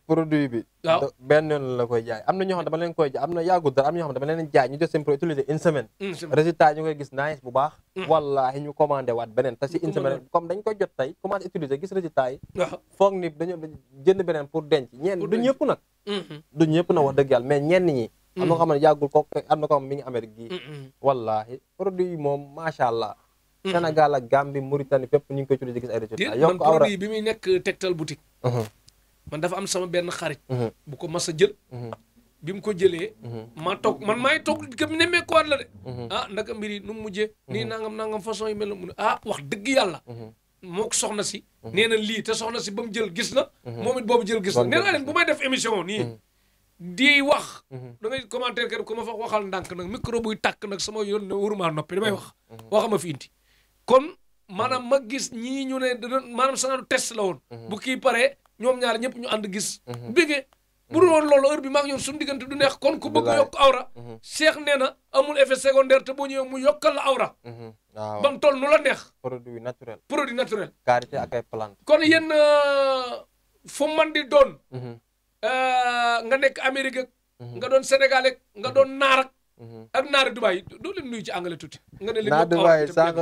produit bi. waaw benn yoon la koy jaay am na ñoo xam dama leen koy jaay am na yàggul dara am na ñoo xam dama leen jaay ñu def seen produit utilisé une semaine. ñu koy gis nice bu baax. Mm. wallahi ñu commandé waat beneen te si une semaine dañ koy jot tey commencé utiliser gis résultat yi. waaw foog ni dañoo beneen pour denc. ñenn du ñëpp nag. Mm-hmm. du ñëpp nag wax dëgg yàlla ñeen ñenn ñi. am na ko mm-hmm. xam ne yàggul ko am na ko xam mm-hmm. produit yi moom macha allah Mm-hmm. Sénégal ak Gambie Mauritanie fépp ñu ngi koy tuddee di gis ay résultats. yokk awra bi muy nekk Tektal boutique. Mm-hmm. man dafa am sama benn xarit. Mm-hmm. bu ko mas a jël. bi mu ko jëlee. ma toog man maay toog gëm nemmeekuwaat la de. ah naka mbir yi nu mu mujjee. nii nangam nangam façon yi mel na mu ne ah, wax dëgg yàlla. moo ko soxna si. nee na lii te soxna si ba mu jël gis na. moom it boobu jël gis na nee bu may def émission nii. di wax. da ngay commentaire kër ku ma fa waxal ndànk nag micro buy tàkk nag sama yoon ne waruma noppi damay wax. waxama fi indi. kon maanaam ma gis ñi ñii ñu ne maanaam sanganu test la woon. Mhm. bu kii paree ñoom ñaar ñëpp ñu ànd gis. Mhm. bégee mhm. bu dul woon loolu heure bi maa ngi ñoom suñu diggante du neex kon ku bëgg yokk awra. Cheikh nee na amul effet secondaire te boo ñëwee mu yokkal la awra. waaw ba mu toll nu la neex. produit naturel produit naturel. karité ak ay plante. kon yéen euh, fu man di doon. Euh, nga nekk Amérique nga doon Sénégal nga doon naar ak. ak naari Dubaay doo leen nuyu ci anglais tuuti. nga ne li nga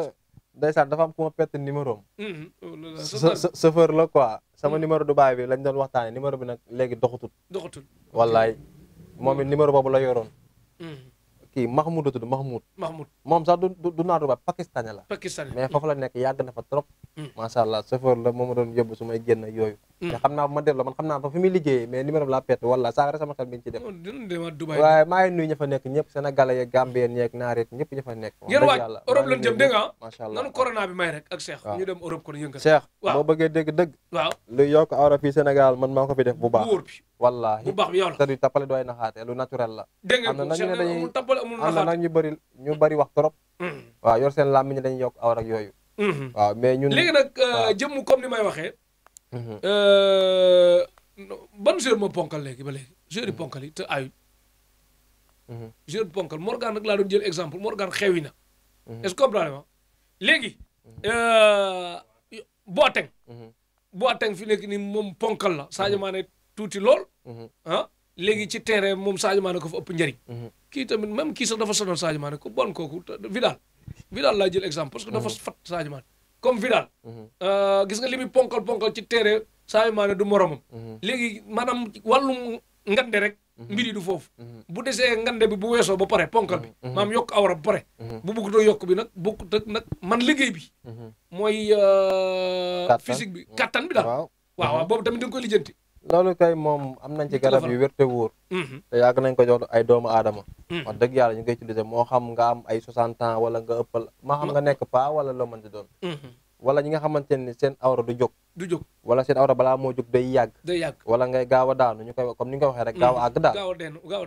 ndeysaan dafa am ku ma pett numéro am. Hmm, chauffeur la quoi. sama numéro Dubaay bi lañ doon waxtaanee numéro bi nag léegi doxatul. doxatul wallaay hmm. moom it numéro boobu la yoroon. Hmm. kii Mahmoud la tudd Mahmoud. Mahmoud moom sax du du du naatu ba pakistanais la. nekk yàgg na fa trop. Hmm. macha allah chauffeur la moom doon yóbbu su may génn yooyu. te hmm. xam naa bu ma delloo man xam naa fa fi muy liggéeyee mais numéro bi laa perte wala saa sama xel bi ñu oh, waaye maa nuyu ña nekk ñëpp sénégalais yeeg gambien yeeg naar yeeg ñëpp ña fa nekk. yéen waay Europe lañ jëm dégg nga macha allah nanu corona bi may rek awra fii Sénégal man maa ko fi def bu baax wallahi bu baax bi yow la te du tappale dooy naxaate lu naturel la. dégg nga ko seen amul tappale amul naxaate am na nag ñu bëri ñu wax trop. Mm. waa yor seen làmmiñ dañuy yokk awar ak yooyu. Mm-hmm. waaw mais ñun. léegi nag euh, jëmm comme ni may waxee. Mm-hmm. Euh, ban joueur moo ponkal léegi ba léegi joueur yi mm-hmm. ponkal yi te ayut. joueur bi ponkal Morgan nag laa doon jël exemple Morgan xewi na. est-ce que euh, Boateng. Boateng fi nekk nii moom ponkal la Sadio Mané. tuuti lool. Mhm. ah léegi ci terrain moom Sadio Mané ko fa ëpp njëriñ. Mhm. kii tamit même kii sax dafa sonal Sadio Mané ko bon kooku Vidal Vidal laa jël exemple. parce que dafa mhm. fat Sadio Mané comme Vidal. Ah, gis nga li muy ponkal ponkal ci terrain Sadio Mané du moromam. léegi maanaam wàllum ngande rek. mbir du foofu. bu desee ngande bi bu weesoo ba pare ponkal bi. maam yokk awara ba pare. bu bëgg doo yokk bi nag bokkut nag man liggéey bi. mooy. Ah, physique bi kattan bi daal. waaw boobu tamit da nga koy lijjanti. loolu kay moom am nañ ci garab yu wér te wóor mhm. te yàgg nañ ko jox ay doomu aadama mhm. wax dëgg yàlla ñu ngi koy moo xam nga am ay 60 ans wala nga ëppal maa xam nga nekk paa wala loo mën di doon mhm. wala ñi nga xamante ni seen awra du jóg du jóg wala seen awra balaa moo jóg day yàgg day yàgg wala ngay gaaw a daanu ñu koy comme ni nga ko waxee rek a àgg daal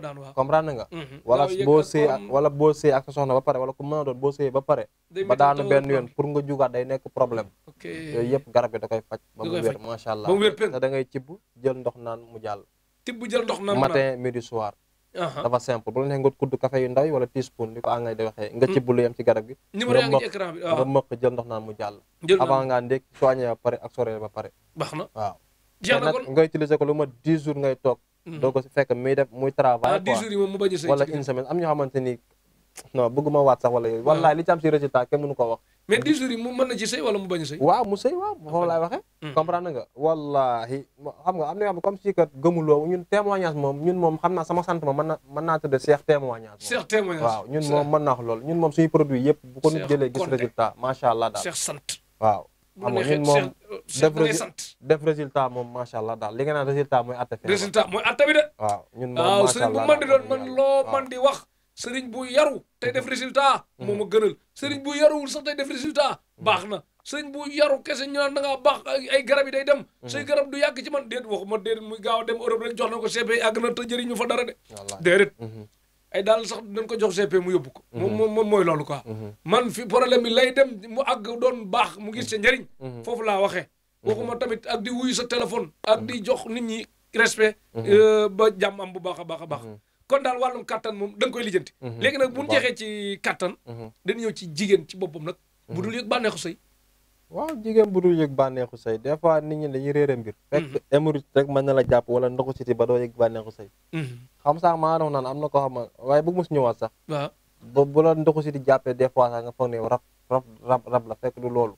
a daanu waaw wala boo see wala boo see ak sa soxna ba pare wala ku mën a doon boo see ba pare ba daanu benn yoon pour nga jugaat day nekk problème ok yooyu yëpp garab gi da koy faj. ba mu wér macha allah te da ngay tibb jël ndox naan mu jàll. tibb jël ndox naan matin midi soir. dafa simple bu la neexee nga kudd yu ndaw wala teaspoon li ko anglais di waxee nga hmm. tibb lu yem ci garab gi. numéro yaa nga mëq jël ndox naan mu jàll. avant ngaa ndékk soigné ba pare ak soré ba pare. na waaw. jeex na kon nga utiliser ko lu ma 10 jours ngay toog. Hmm. doo fekk muy def muy travail. Ah, quoi 10 a wala une semaine am ñoo xamante ni non bëgguma waat sax wala yooyu. waaw ah. wallaay li ci am si résultat kenn mënu ko wax. mais 10 jours yi mu mën na ci sëy wala mu bañ a sëy waaw mu sëy waaw foofu laay waxee hmm. comprendre nga wallahi xam nga am na yoo xam comme si kat gëmul loolu ñun moom ñun moom xam naa sama sant ma mën na mën naa tudde seex témoignage seex témoignage waaw ñun moom mën naa wax loolu ñun moom suñu produit yëpp bu ko nit jëlee gis résultat macha allah daal seex sant waaw xam nga ñun moom euh, def moom macha allah daal li nga naan résultat mooy atta fi résultat sëriñ bu yaru tey def mhm. résultat moo mhm. a gënal sëriñ bu mhm. yaruwul sax tey def résultat baax na sëriñ bu yaru kese ñu naan da ngaa baax ay garab yi day dem say garab du yàgg ci man déet ma déet muy gaaw a dem Europe rek jox na ko CP yàgg na te jëriñu fa dara de déedéet ay daal sax dañ ko jox CP mu yóbbu ko moom moom mooy loolu ko quoi man fi problème bi lay dem mu àgg doon baax mu gis sa njëriñ foofu laa waxee ma tamit ak di wuyu sa téléphone ak di jox nit ñi respect euh, ba jàmm bu baax a baax a baax kon daal wàllum kattan moom da ko koy lijjanti. Mhm. léegi nag bu ñu jeexee ci kattan. Mhm. dañu ñëw ci jigéen ci boppam nag. Mhm. bu dul yëg bànneexu sëy. waaw jigéen bu dul yëg bànneexu sëy des fois nit ñi dañuy réere mbir. fekk émirut rek mën na la jàpp wala ndoxu siti ba doo yëg bànneexu sëy. xam ma na doon naan am na ko xam ne waaye bëgg mos ñëwaat sax. waaw ba bu la ndoxu siti jàppee des fois a nga foog ne rab rab rab la fekk du loolu.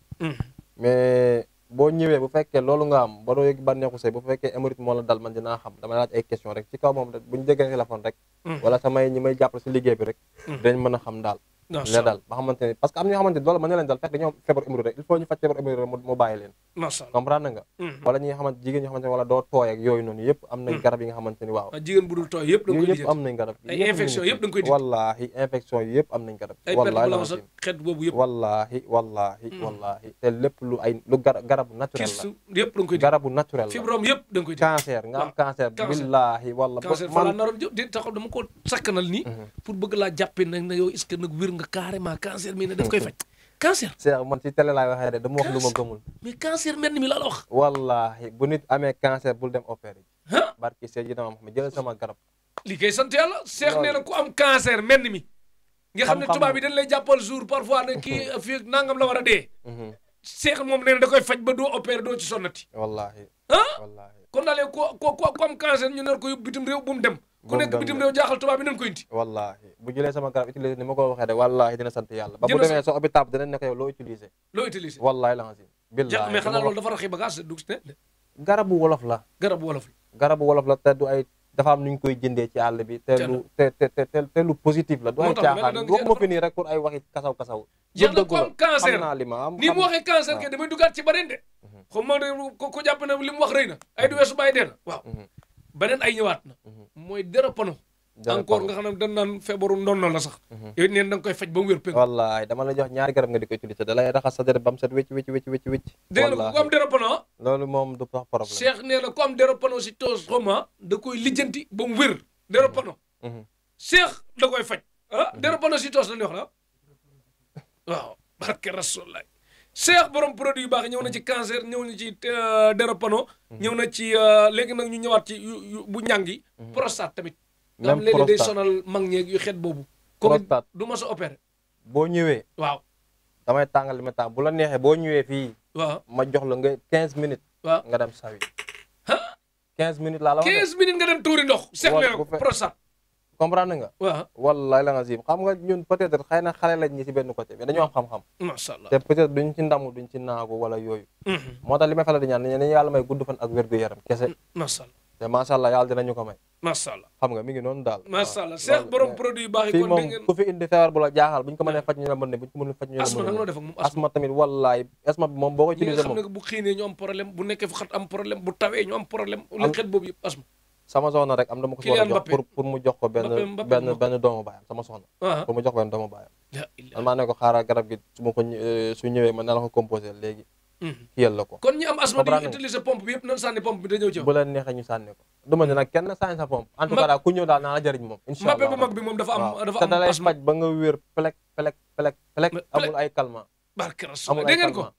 boo ñëwee bu fekkee loolu nga am ba doo yëg bànneexu sëy bu fekkee émérite moo la dal man dinaa xam dama laaj ay question rek ci kaw moom buñu déggee téléphone rek mm. wala samay ñi may jàppale si liggéey bi rek mm. dinañ mën a xam daal dina dal ba xamante ne parce que am na ñoo xamante ne loolu mën na leen dal fekk dañoo am feebar hémorroïde il faut ñu faj feebar hémorroïde mu bàyyi leen comprendre nga mm-hmm. wala ñi nga xamante jigéen ñoo xamante ne wala doo tooy ak yooyu noonu yëpp am nañ mm-hmm. garab yi nga xamante ni waaw ah, jigéen bu dul tooy yëpp da nga koy yëpp am nañ garab ay infection yëpp da nga koy di wallaahi infection yi yëpp am nañ garab wallaahi la xeet boobu yëpp wallaahi wallaahi mm. wallaahi te lépp lu ay lu garabu naturel la yëpp da nga koy garabu naturel la fibrome yëpp da nga koy cancer nga am ah, cancer billaahi walla cancer fa la naroon jël te xam dama ko sakkanal nii mm-hmm. pour bëgg laa jàppe nag na yow est-ce que nag wér nga carrément cancer mi ne daf koy faj. <laughs> cancer Cheikh man ci télé laay waxee rek dama wax lu ma gëmul. mais cancer mel mi la la wax. wallaahi bu nit amee cancer bul dem opéré. barki Seydina Muhammad jëlal sama garab. li sant yàlla. Cheikh nee na ku am cancer mel nga xam ne tubaab bi dañ lay jàppal jour parfois <laughs> nangam la war a dee. Mhm. Cheikh moom nee na da koy faj ba doo opéré doo ci sonnati. wallaahi. wallaahi kon daal ko ko am cancer ñu nar ko yóbbu bitim réew bu mu dem. ku nekk bitim réew jaaxal bi nañ ko indi wallaahi bu jëlee sama garab utilisé ni ma ko waxee de wallaahi dina sant yàlla ba bu demee sa hôpital dina nekk yow loo utilisé loo utilisé wallaahi la nga billaahi mais xanaa loolu dafa raxi ne garabu wolof la garabu wolof la garabu wolof te du ay dafa am nu ñu koy jëndee ci àll bi te lu te te te lu positif la du ay caaxaan waxuma fi nii rek pour ay waxi kasaw kasaw yéen nag comme cancer xam naa li ma am ni mu waxee cancer ke dugaat ci beneen de mhm. xam ma ko jàpp ne li mu wax rëy na ay du mhm. beneen ay ñëwaat na. Mhm. mooy dérapano. encore nga xam ne dañ naan feebaru noon la sax. Mhm. yooyu neen da koy faj ba mu wér. wallaay dama la jox ñaari garab nga di ko utiliser da raxas sa deret ba mu set wécc wécc wécc wécc wécc. dégg am dérapano. Ah. loolu moom du tax problème. Cheikh nee na ku am dérapano si toos xoma da koy lijjanti ba mu wér dérapano. Mhm. Cheikh da koy faj. ah dérapano si toos la ñu wax la waaw barke rasulilah. Cheikh borom produit yu baax ñëw na ci cancer ñëw na ci euh, déropano mhm. ñëw na ci euh, léegi nag ñu ñëwaat ci bu ñàngi mhm. prostate tamit nga xam léeg-léeg ñeeg yu xeet boobu comme du ma sa opéré boo ñëwee waaw damay tàngal li ma tàng bu la neexee boo ñëwee fii waaw ma jox la nga quinze minutes waaw nga dem sawi quinze minutes laa la wax quinze minutes nga dem tuuri ndox seet prostate comprendre nga. waaw wallaay la nga siib xam nga ñun peut-être xëy na xale lañ ñi ci benn côté mais dañoo am xam-xam. macha allah te peut-être duñ ci ndamu duñ ci naagu wala yooyu. Mhm. moo tax li may faral di ñaan ne yàlla may gudd fan ak wér gu yaram kese. Mm, macha allah te macha allah yàlla dinañu ko may. macha allah xam nga mi ngi noonu daal. macha allah seex ah, borom produit yu baax yi kon dégg ngeen ku fi indi feebar bu la jaaxal buñ ko mënee ah. faj ñu la mën ne buñ ko mënee faj ñu la mën ne asma nag loo def ak moom asma tamit wallaay asma bi moom boo ko utilisé moom bu xiinee ñu am problème bu nekkee fu xat am problème bu tawee ñu am problème lu xet boobu yëpp asma sama soxna rek am dama ko soxla jox pour mu jox ko benn benn doomu baayam sama soxna ah. pour mu jox ko benn doomu baayam man maa ne ko ma na euh, la ko composé léegi hmm. kiyal la ko kon ñu am asma di utiliser pompe bi bi da ne nag kenn sànni sa pompe en tout cas daal ku amul ay calmant barke rasul amul ay calmant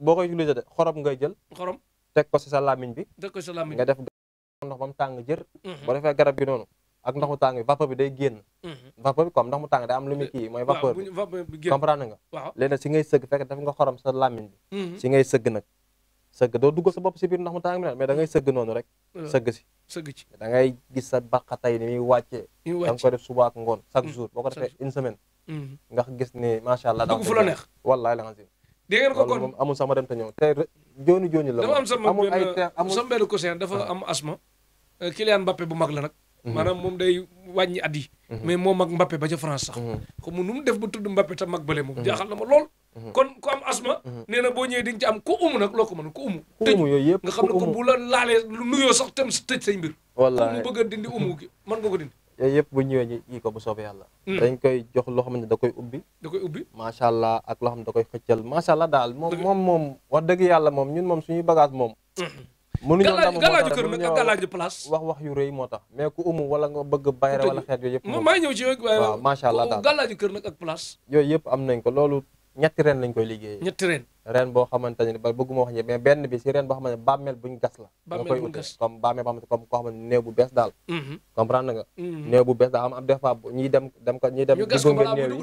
boo koy utiliser de xorom ngay jël xorom teg ko si sa lamiñ bi teg ko sa lamiñ nga def ndox ba mu tàng jër mhm. boo defee garab gi noonu ak ndox mu tàng bi vapeur bi day génn mhm. vapeur bi comme ndox mu tàng day am lu muy kii mooy vapeur bi comprendre nga léegi nag si ngay sëgg fekk def nga xorom sa làmmiñ bi mhm. si ngay sëgg nag sëgg doo dugg sa bopp si biir ndox mu tàng bi nag mais da ngay sëgg noonu rek sëgg si sëgg ci da gis sa baqatay ni muy wàccee da nga koy def suba ak ngoon chaque jour boo ko defee une semaine nga gis ni macha allah dugg fu la neex wallaay la nga si dégg ngeen ko kon amul sama dem te ñëw te jooni jooni la amul ay amul sama benn cousin dafa am asma Euh, Kylian Mbappé bu mag la nag. Mhm. maanaam moom day wàññi at yi. Mhm. mais moo mag Mbappé ba ca France sax. comme mhm. nu mu def ba tudd Mbappé te mag bële moom jaaxal na ma lool. kon ku am asma. nee boo ñëwee di nga ci am ku umu nag loo ko mën ku umu. ne ko bu la laalee lu nuyoo sax tam si tëj say mbir. wallaahi umu gi ko dindi. yooyu yëpp bu ñëwee ñu kii ko bu soobee yàlla. Hmm. dañ koy jox loo xam ne da koy ubbi. da koy ubbi macha ak loo xam ne da koy xëccal macha allah daal moom moom moom wax dëgg yàlla moom ñun moom suñuy bagage moom hmm. mënuñoo ndamu galaaju kër nag ak galaaju place wax wax yu rëy moo tax mais ku umu wala bëgg bayre wala xeet yooyu yëpp maa ñëw ci yooyu waaw macha allah daal galaaju kër nag ak place yooyu yëpp am nañ ko ñetti ren lañ koy ren boo xamante ne ba bëgguma wax ñe benn bi si ren boo xamante ne bàmmeel buñ gas la nga koy ut comme bàmmeel boo mhm. mhm. daal am am des fois dem dem ko ñiy dem di gunge yi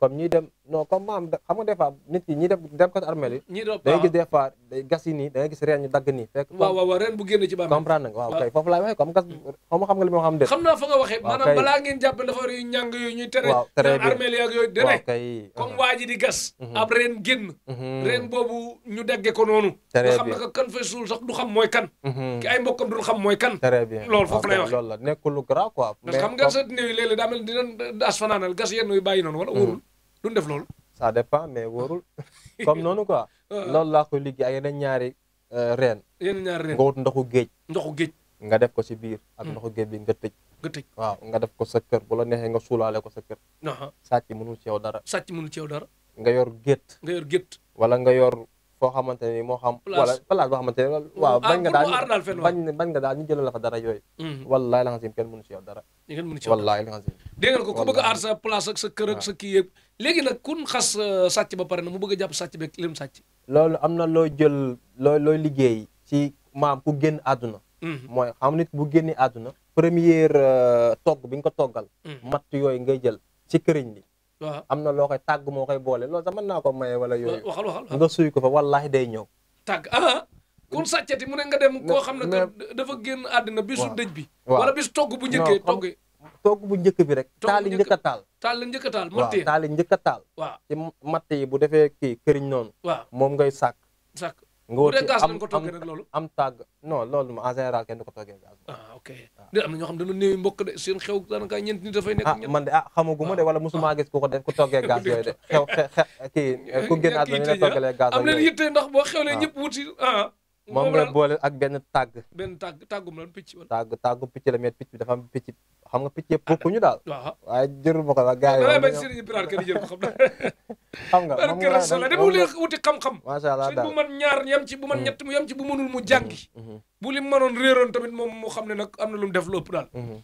comme ñiy dem non comme maam xam nga defaa fois nit ki ñi dem ko armeel yi da gas yi nii da ngay gis dagg nii fekk waaw waaw reen bu génn ci bàmmeel comprendre nga waaw xam nga xam nga li ma xam de xam naa fa nga ñu dagge ko noonu nga xam kan fay suul sax du xam mooy kan uh-huh. ki ay mbokkam du xam mooy kan très bien lool foofu loolu la nekkul lu grave xam nga sa néew yi léeg-léeg daa mel dinañ fanaanal gas yenn yu bàyyi noonu wala uh-huh. wóorul duñ def loolu. ça dépend mais wóorul <laughs> comme noonu quoi. Ah. loolu laa koy liggéey ak yeneen ñaari euh, reen. yeneen ñaari reen nga wut ndoxu géej. ndoxu géej. nga def ko si biir. ak hmm. ndoxu géej bi nga tëj. nga tëj waaw nga def ko sa kër bu la neexee nga suulaale ko sa kër. sàcc mënul ci yow dara. sàcc ci yow nga yor gét nga yor gétt. wala nga yor foo xamante ni moo xam. place wala place boo xamante ne waaw hmm. bañ nga ah, daal bañ bañ nga daal ñu jëlal la fa dara yooyu. Hmm. wallaahi la nga xam kenn mënu ci yow dara. kenn mënu la nga xam. dégg ko ku a aar sa place sa kër léegi nag kun xas euh, sàcc ba pare na mu bëgg a jàpp sàcc beeg lim sàcc. loolu am na loo jël loo looy liggéey ci maam ku génn àdduna. Mhm. mooy xam nit bu génnee àdduna. première euh, togg bi nga ko toggal. Mhm. mat yooyu ngay jël ci këriñ li. waaw am na loo koy tàgg moo koy boole loolu sax mën naa ko maye wala yooyu. waxal waxal nga suy ko fa wallaahi day ñëw. tàgg ah. kon sàccati mu ne nga dem koo xam ne dafa génn àddina bisu dëj bi. wala bisu togg bu njëkkee togg. togg bu njëkk bi rek. taal yi njëkk a taal. taal la njëkk taal waaw taal la njëkk taal waaw ci matt yi bu defee kii këriñ noonu waaw moom ngay sàkk sàkk nga wut am ko toggee rek loolu am tàgg non loolu ma en kenn du ko toggee gaz ah, na ñoo xam dañu néew mbokk de seen xew daanaka ñeent ah, man de ah xamaguma de wala mosuma ah. gis ku ko def ku toggee gaz yooyu de <laughs> xew kii ku génn àdduna ñu ne toggalee gaz am leen yitte ndax boo xewlee ñëpp wuti ah moom nga boole ak benn tàgg benn tàgg tàggum picc wala tàgg tàggu picc la mais picc bi dafa am picc xam nga picc yëpp bokkuñu daal. Ah. Ah. waaye jëru ma ko la gars yi. waaw sëriñ Birane Kadi jëru ko xam naa. <laughs> xam nga moom nga rassula dafa wuli wuti xam-xam. macha allah daal bu man ñaar yam ci bu man mm. ñett mu yam ci bu mënul mu mm-hmm. jàngi. Mm-hmm. bu li mënoon réeroon tamit moom mu xam ne nag am na lu mu def lu ëpp daal. Mm-hmm.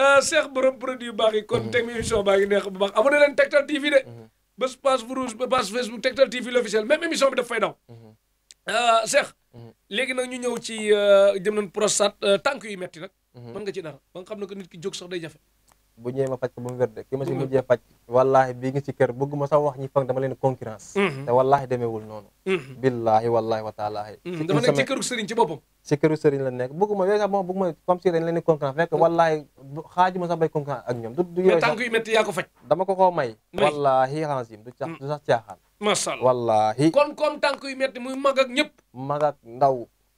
Euh, Cheikh borom produit yu baax yi kon teg émission baa ngi neex bu baax abonné leen Tektal TV de. ba page bu rouge ba page Facebook Tektal TV l'officiel même émission bi daf fay daw. Euh, Cheikh. léegi nag ñu ñëw ci euh, jëm nañ prostate tànk yu metti nag Mhm. mën ci dara ba xam ne nit ki jóg sax day jafe bu ñëwee ma faj ko ba mu wér ki ma si mhm. mujjee faj wallaahi bii ngi ci kër bëgguma wax ñi fang dama leen concurrence mhm. te wallaahi demeewul noonu billaahi wallaahi wa taalaahi dama nekk ci këru sëriñ ci la nekk bëgguma yooyu sax moom bëgguma comme si dañ leen di concurrence fekk wallaahi xaajuma sax bay concurrence ak ñoom du du yooyu tànk yu faj dama ko koo may wallaahi du sax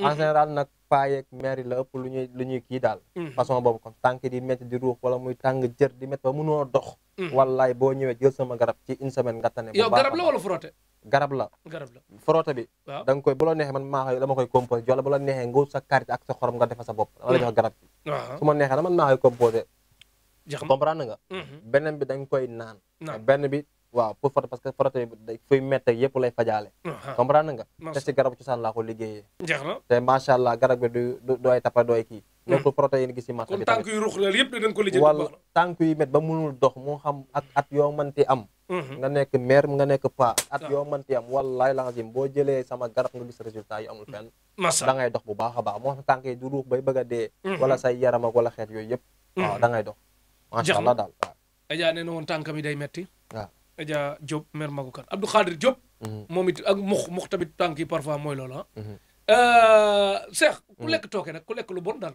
mm. du paayeeg maire yi la ëpp lu ñuy lu ñuy kii daal mhm. façon boobu kon tànk di métti di ruux wala muy tàng jër di métti ba mënoo dox mhm. wallaay boo ñëwee jël sama garab ci une nga tane yow garab la wala frotté garab la garab bi da nga koy bu a neexee man maa dama koy composé wala bu la neexee nga sa karit ak sa xorom nga defa sa bopp dama la garab bi su ma neexee na man maa koy composé comprendre nga mhm. beneen bi dañ koy naan benn bi waaw pour photo parce que photo bi day fuy méttee yëpp lay fajaale. comprendre nga. te si garabu cosaan laa ko liggéeyee. te macha allah garab bi du ay tapa du ay kii. nekkul hmm. protéine gi si marché bi tamit kon ba mënul dox moo xam ak at yoo mënti am. Hmm. nga nekk mère nga nekk pa at yoo mënti am wallaay lazim boo jëlee sama garab nga gis résultat yi amul fenn. da ngay dox bu baax a baax moo xam tànk yi du ruux bay bëgg a dee. Hmm. wala say yaram ak xeet yooyu yëpp. waaw da ngay dox. macha allah bi day Adja Diop mère Magu Kan Abdou Khadir Diop. Mhm. moom it ak mux mux tamit tànk yi parfois mooy loolu mhm. ah. Cheikh ku lekk tooke nag ku lekk lu bon daal.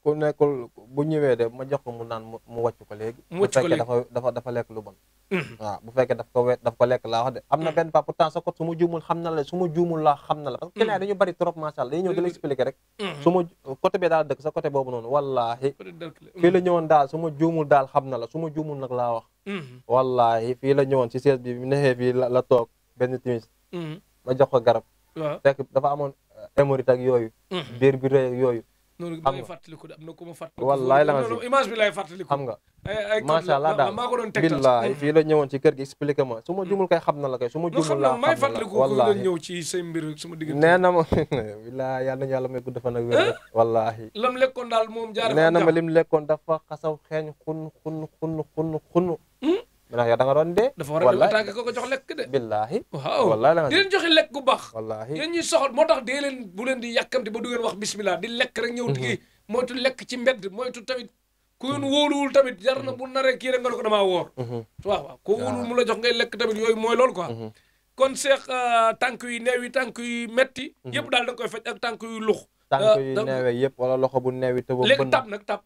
ku nekkul bu ñëwee de ma jox ko mu naan mu wàcc ko léegi. mu wàcc ko bu fekkee dafa dafa lekk lu bon. Mhm. bu fekkee daf ko daf ko lekk laa wax de am na benn paa pourtant sa kot su ma juumul xam na la su ma juumul laa xam na la parce que client dañu bari trop la expliquer ma côté bi daal dëkk boobu noonu wallaahi fii la ñëwoon daal su ma juumul daal xam na la su ma juumul nag laa wax Mm-hmm. wallahi fii la ñëwoon ci sees bi mu nexee fii la toog benn timis mm-hmm. ma jox ko garab fekk dafa amoon eh, émorite ak yooyu mm-hmm. biir bi rëy yooyu noonu maa ngi fàttaliku de am na ku ma fàttaliku. wallaay la nga si image bi lay fàttaliku. xam nga macha allah daal maa ko doon la ñëwoon ci kër gi expliqué ma su ma jumul kay xam na la kay su ma jumul laa xam na la wallaahi ñëw ma daal moom jaar nee na ma <laughs> lim lekkoon dafa xasaw xeeñ xun xun xun xun xun hmm? ndax yow da nga doon dee. dafa war a dem attaqué ko ko jox lekk de. billaahi waaw wallaahi la leen lekk bu baax. wallaahi yéen ñuy soxal moo tax dee leen di yàkkamti ba du ngeen wax bismillah di lekk rek ñëw tigi mhm. moytu lekk ci mbedd moytu tamit ku yoon mhm. wóoluwul tamit jar na bu naree kii rek nga ne ko damaa woor. Mhm. waaw waaw ku wóoluwul mu la jox ngay lekk tamit yooyu mooy loolu ko kon seex euh, tànk yu neew yi tànk yu metti yëpp daal da koy faj ak tànk yu lux. tànk euh, yu neewee yëpp wala loxo bu neewi te ba léegi tab nag tab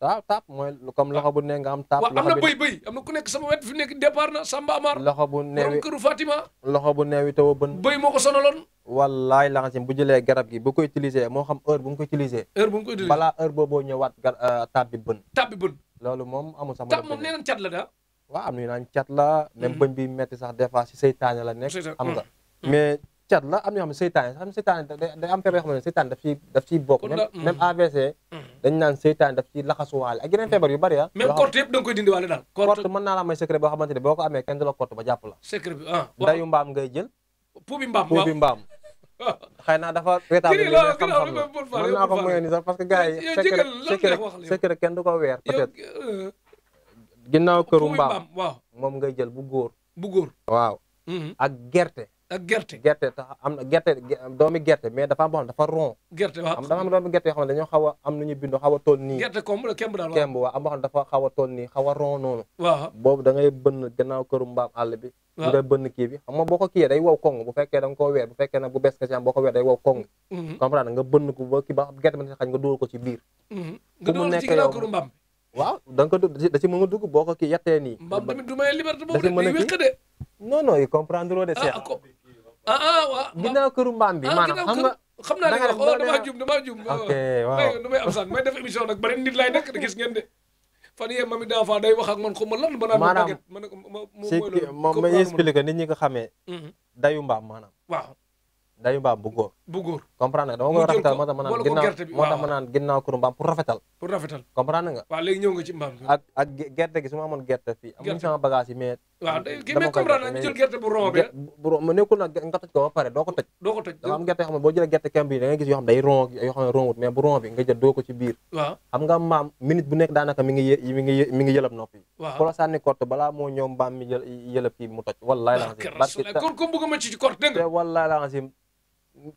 waaw taap mooy comme loxo bu ne nga am taap. loxo bi am ku nekk sama nekk départ na Samba Amar. loxo bu neewi këru loxo bu neewi taw bën. bëy moo ko sonaloon. wallaay la nga bu jëlee garab gi bu ko utilisé moo xam heure bu mu ko utilisé. heure bu mu ko utilisé balaa heure booboo ñëwaat gar euh, taap bi bën. taap bën. loolu moom amul sama. taap moom nee nañ cat la daa. waaw am nañu naan cat la. même mm-hmm. bëñ bi metti sax des fois si seytaane la nekk. am nga mm-hmm. Mm-hmm. cat la am na yoo xam ne seytaane xam seytaane day am feebar yoo xam ne seytaane daf ciy daf ciy bokk même mm. mm. feebar yu bari ah même naa la may secret boo xamante ne boo ko amee kenn du la korte ba jàpp la secret bi ah dayu mbaam ngay jël puubi mbaam <laughs> xam-xam la naa ko moyee ni sax parce que gars yi secret kenn du weer peut euh, ginnaaw këru mbaam moom ngay jël bu góor bu góor waaw mm-hmm. ak gerte ak gerte gerte tax am na gerte doomi gerte mais dafa am xam dafa rond. gerte yoo xam ne a am ñu bindoo xaw a toll nii. gerte komb xam dafa xaw a toll nii xaw a rond noonu. waaw boobu da ngay bënn gannaaw këru mbaam àll bi. waaw bënn kii bi xam boo ko kiyee day wow kong bu fekkee da nga boo ko weer day wow kong. Mm-hmm. comprendre nga bënn ko kii ba gerte bi nga xañ kii yettee yi comprendre de. ah ah ginnaaw këru mbaam bi maanaam xam nga xam naa li nga wax oh damaa jum damaa jum. Ah. ok sax may def nag bari nit laay nekk gis ngeen de. fan yee mami dafa day wax ak man ma lan. maanaam si moom ma expliqué nit ñi nga xamee. Mm-hmm. dayu mbaam maana waaw dayu mbaam bu góor. bu góor comprendre nga dama koy rafetal moo tax ma naan ginnaaw moo tax ma naan ginnaaw këru gerte gi su ma amoon gerte fii. amuñu sama bagage yi waaw ki mais comprendre na ñu jël gerte bu rond bi bu rond ma nekkul nag nga toj ko ba pare doo ko toj doo ko toj dafa am gerte xam ne gis yoo xam day rond yoo xam bu rond nga jël doo ci biir waaw nga maam minute bu nekk daanaka mi ngi yëlëb nopp yi ku la sànni korte ñoom mbaam mi yëlëb kii mu toj wallaay ah, la ma ci korte dégg nga wallaay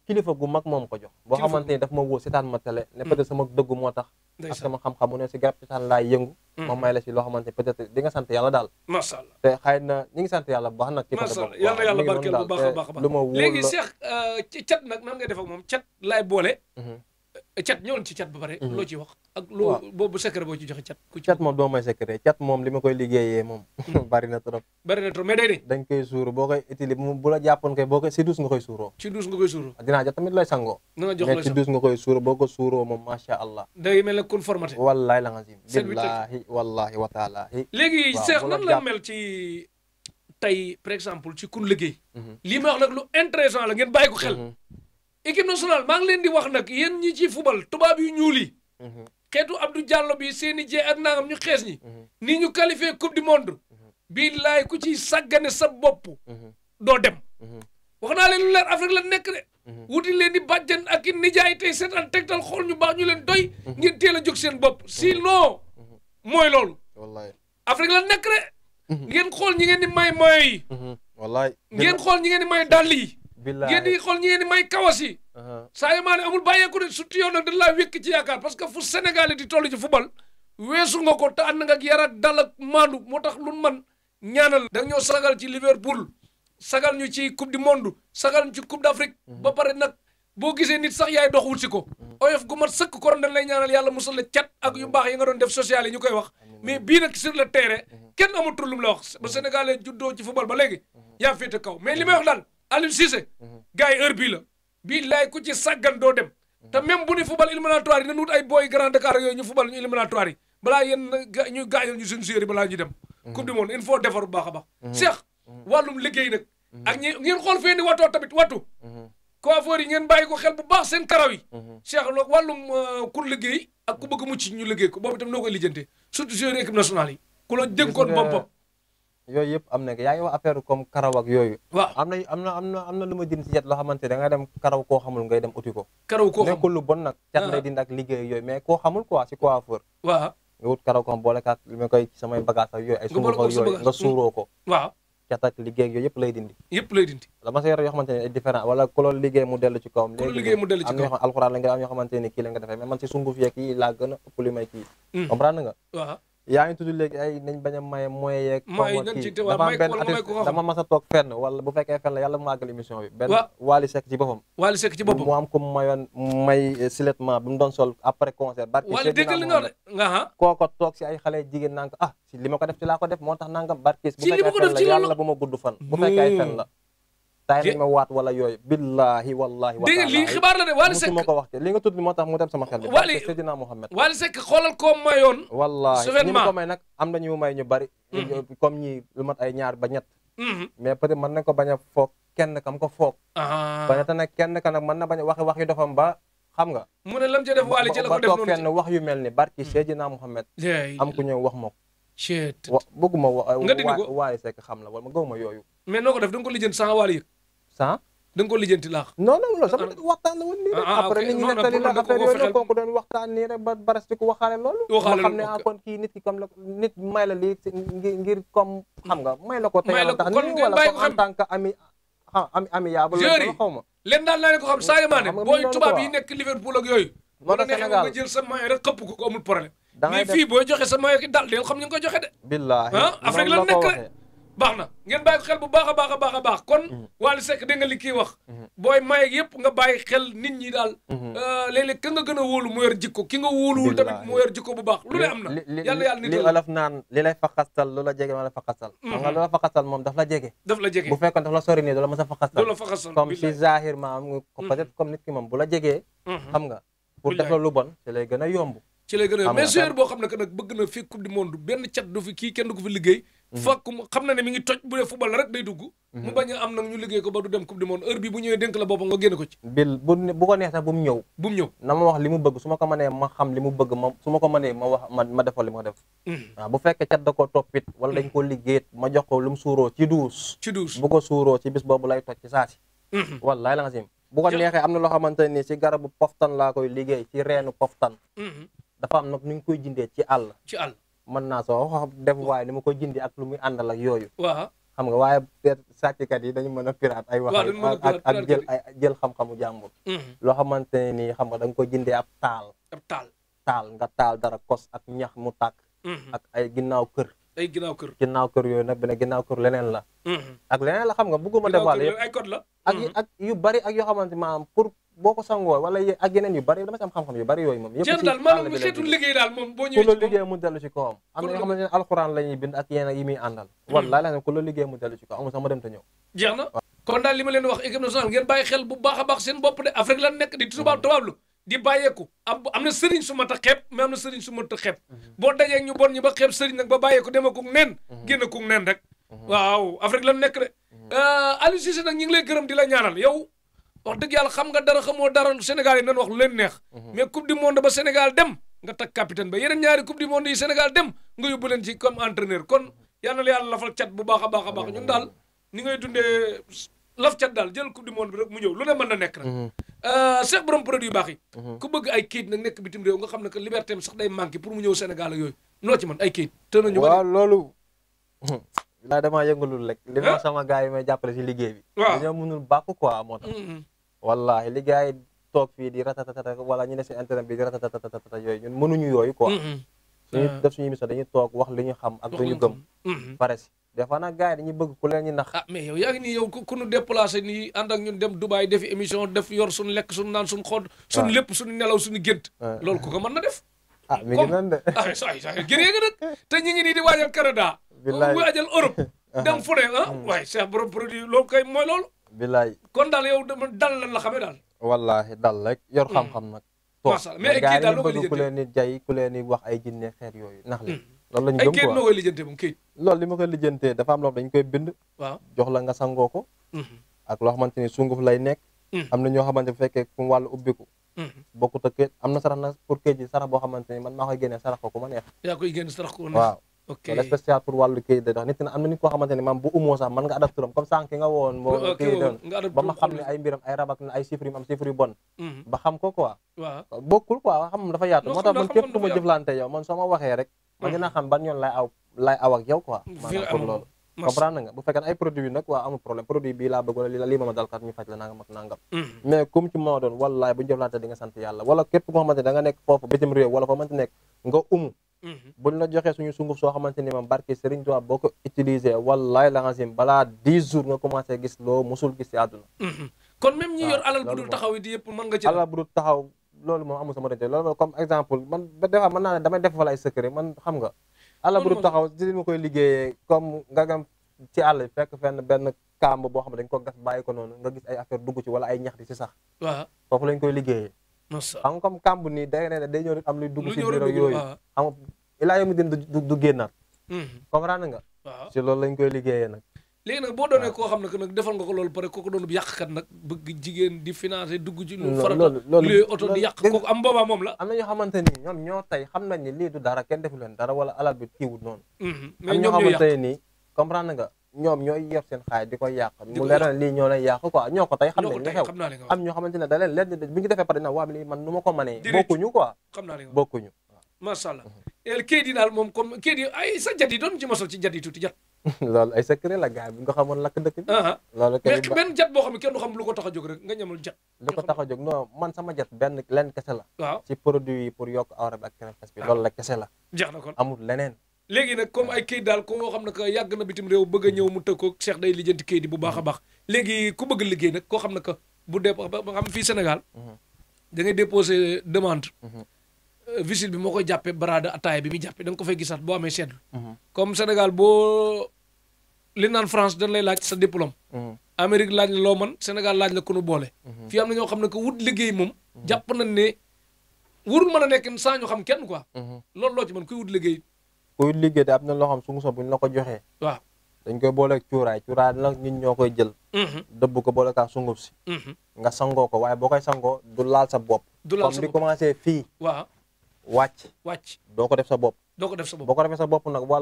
kilifa gu mag moom ko jox boo xamante ni daf ma woo seetaan ma télé ne mm. peut-être sama dëggu moo tax ak xam-xam mu ne si garab seetaan laay yëngu moom may la si loo xamante ni peut di nga sant yàlla daal macha allah te xëy na ñi ngi sant yàlla bu baax nag ci macha allah yàlla yàlla barkeel a baax lu ma wóor léegi Cheikh euh, cat nag nan ngay moom cat laay boole mm-hmm. cat ñëwoon ci cat ba pare. Mhm. loo ciy wax ak loo boobu secret boo ci cat. ku cat moom doo may secret cat moom li ma koy liggéeyee moom. Hmm. <laughs> bari na trop. bari na trop mais day dañ koy suur boo koy utili la jàppoon boo koy si duus nga koy suuroo. ci duus nga koy suuroo. Ah, dinaa jox tamit lay sangoo. dina jox lay mais ci duus ko suuroo moom macha allah. day mel ne conformité. wallaahi la nga sim. billaahi wallaahi wa taalaahi. léegi Cheikh nan la mel ci tey par exemple ci kun liggéey. Mhm. lii ma wax nag lu intéressant la ngeen bàyyi ko xel. Mhm. équipe nationale maa ngi leen di wax nag yéen ñi ci fubal tubaab yu ñuul yi. Mhm. xeetu Abdou Diallo bi seeni jee ak nangam ñu xees ñi. Mhm. ni ñu qualifié coupe du monde. Mhm. billaay ku ci sàggane sa bopp. doo dem. wax naa leen lu leer Afrique la nekk de. wuti leen di bàjjan ak i nijaay tey seetaan tegtal xool ñu baax ñu leen doy. ngeen teel a jóg seen bopp sinon. mooy loolu. wallaay Afrique la nekk de. ngeen xool ñi ngeen di may moyo yi. wallaay ngeen xool ñi ngeen di may dàll yi. yéen ñi xool ñeeni may kawas yi uh-huh. Sadio Mané amul bàyyeeku de surtout yow nag dañ laa wékk ci yaakaar parce que fu Sénégal di toll ci football weesu nga ko te ànd nga ak yar ak dal ak maandu moo tax lu man ñaanal da ñoo sagal ci Liverpool sagal ñu ci coupe di monde sagal ñu ci coupe d'Afrique uh-huh. ba pare nag boo gisee nit sax yaay dox wut si ko uh-huh. oyof gu mat sëkk koron dañ lay ñaanal yàlla musal la cat ak yu baax yi nga doon def social ñu koy wax mais bii nag sur le terrain kenn amatul lu mu la wax ba Sénégalais juddoo ci football ba léegi kaw mais li wax daal Aliou Cissé. Mhm. gars yi heure bii la. bii laay ku ci sàggan doo dem. Mhm. te même bu ñu fubal éliminatoire yi nañu wut ay booy Grand Dakar yooyu ñu fubal ñu éliminatoire yi balaa yéen ñu gaañal ñu suñu séeréer balaa ñu dem. Mhm. coupe du monde il faut defar bu baax a baax. liggéey nag. ak ñi ngeen xool fii nii watoo tamit watu. coiffeur yi ngeen bàyyi ko xel bu baax seen karaw yi. Cheikh loolu wàllum euh, ku liggéey. ak ku bëgg mucc ñu liggéey ko boobu itam noo ko lijjante surtout joueur équipe yi. ku la dénkoon yooyu yëpp am na yaa ngi wax affaire comme karaw yooyu. waaw am na am na am na am na lu si yet loo xamante da nga dem karaw koo xamul ngay dem uti ko. karaw koo ah. nga wut karaw ko xam boole kaat li ma koy samay bagages ak yooyu. ay sunguf ak yooyu nga suuroo ko. Mm. waaw cat ak liggéey yooyu yëpp lay dindi. yëpp lay dindi. dama la nga yoo xamante ne kii la nga a ëpp li may kii mm. yaa ngi tudd léegi ay nañ bañ a maye moyen yeeg. mooy nañ ko wala may ko wax a toog fenn wala bu fekkee fenn la yàlla mu àggal émission bi. benn Waly Seck ci boppam. Waly Seck ci boppam mu am ku mayoon may siletement bi mu doon sol après concert. barke Seydina déggal nga wax de toog si ay xale jigéen naan ko ah si li ma ko def ci laa ko def moo tax nangam barke. ci la bu fekkee fenn ma gudd fan. bu fekkee la. tay nañ ma waat wala yooyu billahi wallahi wa dégg lii xibaar la ma ko wax li nga tudd moo tax mu dem sama xel bi Wally Seydina Mohamed Wally Seck xoolal wallahi ñi ma mhm. ay ñaar ba mhm. mais peut-être nañ ko bañ a foog kenn kam ko foog ah. baña te kenn ka nag mën na bañ a waxi wax yu dofam ba xam nga mu ne la ko wax yu mel ni barki mhm. Seydina Mohamed am ku ñëw wax ma ko bëgguma wa Wally Seck xam la wala ma gëwuma yooyu mais noo ko def da nga ko lijjanti sans Wally sa da nga ko lijjanti laax. non non loolu sama ah, ah. waxtaan la woon nii rek. Ah, après nit ñi nettali la affaire yooyu la kooku doon ko waxaale loolu. waxaale xam ne ah kon kii nit ki comme la nit may la lii ngir ngir comme xam nga may la ko. may la ko kon ngeen bàyyi ko xam ba loolu xaw ma. leen daal naa leen ko xam Sadio Mané booy tubaab yi nekk Liverpool ak yooyu. moo tax Sénégal nga jël sa maillot rek xëpp ko ko amul problème. da ngay def mais fii booy joxe sa dal del xam ñu ngi joxe de. baax na ngeen bàyyi xel bu baax a baax a baax a baax kon mhm. Wally Seck dégg nga li kii wax mhm. booy maye yëpp nga bàyyi xel nit ñi daal mhm. euh, léeg-léeg ka nga gën a wóolu mu yor jikko ki nga wóoluwul tamit mu yor jikko bu baax lu ne am na yàlla nit li olof naan li lay faxastal la jege la faxastal xam nga lu la faxastal moom daf la jege daf jege bu fekkoon daf la sori nii du la mës a faxastal du la faxastal comme si zahir ma am peut-être comme nit ki moom bu la jegee xam nga pour def la lu bon te lay gën a yomb ci lay gën a mais joueur boo xam ne que bëgg na fii coupe du monde benn kenn du ko fi Mhm. fokk mu xam na ne mi ngi toj bu dee football la rek day dugg mu mhm. bañ am nag ñu liggéey ko ba du dem coupe du monde heure bi bu ñëwee dénk la boppam nga génn ko ci bil bu ko neex sax bu ma wax li mu bëgg su ma ko mënee ma xam li mu ma su ma ko mënee ma wax ma ma defal li ma def mhm. waaw bu fekkee cat da ko toppit wala dañ ko liggéeyit ko lu mu suuroo ci duus ci ko suuroo ci bis boobu lay toj ci saasi wallaay la nga sim bu ko neexee am na loo xamante si garabu poftan laa koy liggéey ci reenu poftan dafa am nag nu ñu koy jindee ci àll mën naa soo xam def waaye ni ma ko jindi ak lu muy àndal ak yooyu waaw xam nga waaye sàcckat yi dañu ma a piraat ay wax ak ak jël ay jël xam-xamu jàmbur mm-hmm. loo xamante ne nii xam nga da ko jindee ab taal ab taal taal nga taal dara kos ak ñax mu tàkk mm-hmm. ak ay ginnaaw kër ay ginnaaw kër ginnaaw kër yooyu nag beneen ginnaaw kër leneen la mm-hmm. ak leneen la xam nga bëgguma dévoiler yëpp ay code la ak ak yu bari ak yoo xamante maanaam pour boo ko sangoo wala ak yeneen yu bari dama ci am xam-xam yu bari yooyu moom yëpp ci daal maanaam xeetu liggéey daal moom mu dellu ci kawam am ak yeneen yi muy àndal mm-hmm. wallaahi la ku la liggéey mu dellu ci kawam amul leen wax équipe nationale ngeen bàyyi bu baax a baax seen bopp de Afrique la nekk di tubaab mm-hmm. tubaablu di bàyyeeku am am na sëriñ su mat a xeeb mais am na sëriñ su mat a xeeb mm-hmm. boo dajee ñu bon ñi ba xeeb sëriñ nag ba bàyyeeku dema kuk neen génn kuk neen rek waaw Afrique la nekk de euh, Aliou Cissé nag ñu ngi lay gërëm di la ñaanal yow wax dëgg yàlla xam nga dara xamoo dara Sénégal yi nañ wax lu leen neex. Mhm. mais coupe du monde ba Sénégal dem nga takk capitaine ba yeneen ñaari coupe du monde yi Sénégal dem nga yóbbu leen ci comme entraîneur kon yal na la yàlla lafal bu baax a baax a baax ñun daal ni ngay dundee laf cat daal jël coupe du monde bi rek mu ñëw lu ne mën na nekk nag. Mhm. Euh, Cheikh borom produit yu baax yi. Mhm. ku bëgg ay kayit nag nekk bitim réew nga xam ne que liberté am sax day manqué pour mu ñëw Sénégal ak yooyu noo ci man ay kayit. te nañu waaw loolu. <laughs> damaa sama gars yi may jàppale si liggéey bi. waaw wallahi li gars yi toog fii di ratatatata wala ñu ne si internet bi di ratatatata yooyu ñun mënuñu yooyu quoi suñu ah. def suñu émission dañuy toog wax li ñu xam ak lu ñu gëm pare si des fois nag gars yi dañuy bëgg ku leen ñu nax ah mais yow yaa ngi nii yow ku ñu déplacé nii ànd ak ñun dem Dubaay defi émission def yor suñu lekk suñu naan suñu xood suñu ah. lépp suñu nelaw suñu gént ah. loolu ku ko mën na def ah mi ngi nan de <laughs> ah saa saa gëree nga nag te ñu ngi nii di waajal Canada waajal Europe <laughs> dem fu ne ah mm. waaye Cheikh borom produit loolu kay mooy loolu bilaay kon daal yow dal lan la xamee daal wallaahi dal rek yor hmm. xam-xam nag toog mais gaa yi bëgg ku leen di jay ku leen di wax ay jinne xeer yooyu nax li hmm. loolu lañ gëm quoi koy lijjantee moom kayit li ma koy lijjantee dafa am loo xam dañ koy bind waaw la nga sangoo ko hmm. ak loo xamante ni sunguf lay nekk am na ñoo xamante bu fekkee fu wàllu ubbiku bokkut ak am na sarax na pour kayit ji sarax boo xamante ni man maa koy génnee sarax ko ku ma neex yaa koy génne sarax ko waaw ok wala spécial pour bu umoo ma xam ne ay mbiram ay rabak na ay chiffres yu am chiffres rek man mhm. dinaa problème produit bii laa bëgg wala lii ma ma dal faj la nangam mhm. nga sant yàlla nga nekk bitim réew wala foo mënti nekk nga umu Mm-hmm. buñ la joxee suñu sunguf soo xamante ni moom barke Serigne Touba boo ko utilisé wallahi la nga balaa dix jours nga commencé gis loo musul gis si àdduna. Mm-hmm. kon même ñi yor alal bu nga ci. alal bu dul taxaw loolu moom amul sama dënte loolu moom comme exemple man ba des naa ne damay def fa ay secret man xam nga. alal bu dul taxaw si li ma koy liggéeyee comme nga gam ci àll fekk fenn benn kàmb boo xam ne dañ ko gas bàyyi ko noonu nga gis ay affaire dugg ci wala ay ñax di si sax. waaw foofu lañ koy liggéeyee. xam nga comme kàmb nii day ne day ñëw am luy dugg si biir yooyu ah. xam nga ilaa yow mi din du génnaat hmm. comprendre nga si loolu lañ koy liggéeyee nag léegi nag boo doonee koo xam ne que nag defal nga ko loolu pare kooku doon yàqkat nag bëgg jigéen di financé dugg ci lu farata luy oto di yàq kooku am boobaa moom la am na ñoo xamante ni ñoom ñoo tey xam nañ ni lii du dara kenn defu leen dara wala alal bi kiiwut noonu hmm. am ñoo xamante ñoom ñooy yor seen xaalis di ko yàq mu leer na lii ñoo lay yàq quoi ñoo ko tey xam nañ li xew am ñoo xamante ne da leen leer bi ñu defee pare na waa lii man nu ma ko mënee bokkuñu quoi bokkuñu macha allah mhm. kayit yi daal moom comme kayit yi ay sa jat yi doon ci mosal ci jat yi tuuti jat <laughs> loolu ay secret la gars bi nga xamoon lakk dëkk bi loolu kay mais benn jat boo xam ne kenn du xam lu ko tax a jóg rek nga ñamul jat lu ko tax a jóg non man sama jat benn leen kese la waaw ci produit yi pour yokk awra bi ak crème bi ah. loolu la kese la jeex na kon amul leneen léegi nag comme ay kayit daal koo xam ne que yàgg na bitim réew bëgg a ñëw mu tëgg ko Cheikh day lijjanti kayit yi bu baax a baax léegi ku bëgg liggéey nag koo xam ne que bu dee ba xam fii Sénégal mhm. da déposé demande mhm. euh, visite bi moo koy jàppee baraada ataaya bi muy jàppee da ko fay gisaat boo amee seetlu mhm. comme Sénégal boo li naan France dañ lay laaj sa diplôme Amérique laaj loo man Sénégal laaj la ku nu boole fii na ñoo xam ne que wut liggéey moom jàpp nañ ne warul mën a nekk saa ñu xam kenn quoi loolu loo ci man kuy wut liggéey kuy liggéey da am na loo xam sungu bu ñu la ko joxee waaw dañ koy boole ak jël mm-hmm. dëbb ko boole ak sunguf si mm-hmm. nga sangoo ko waaye boo koy ko sa bopp doo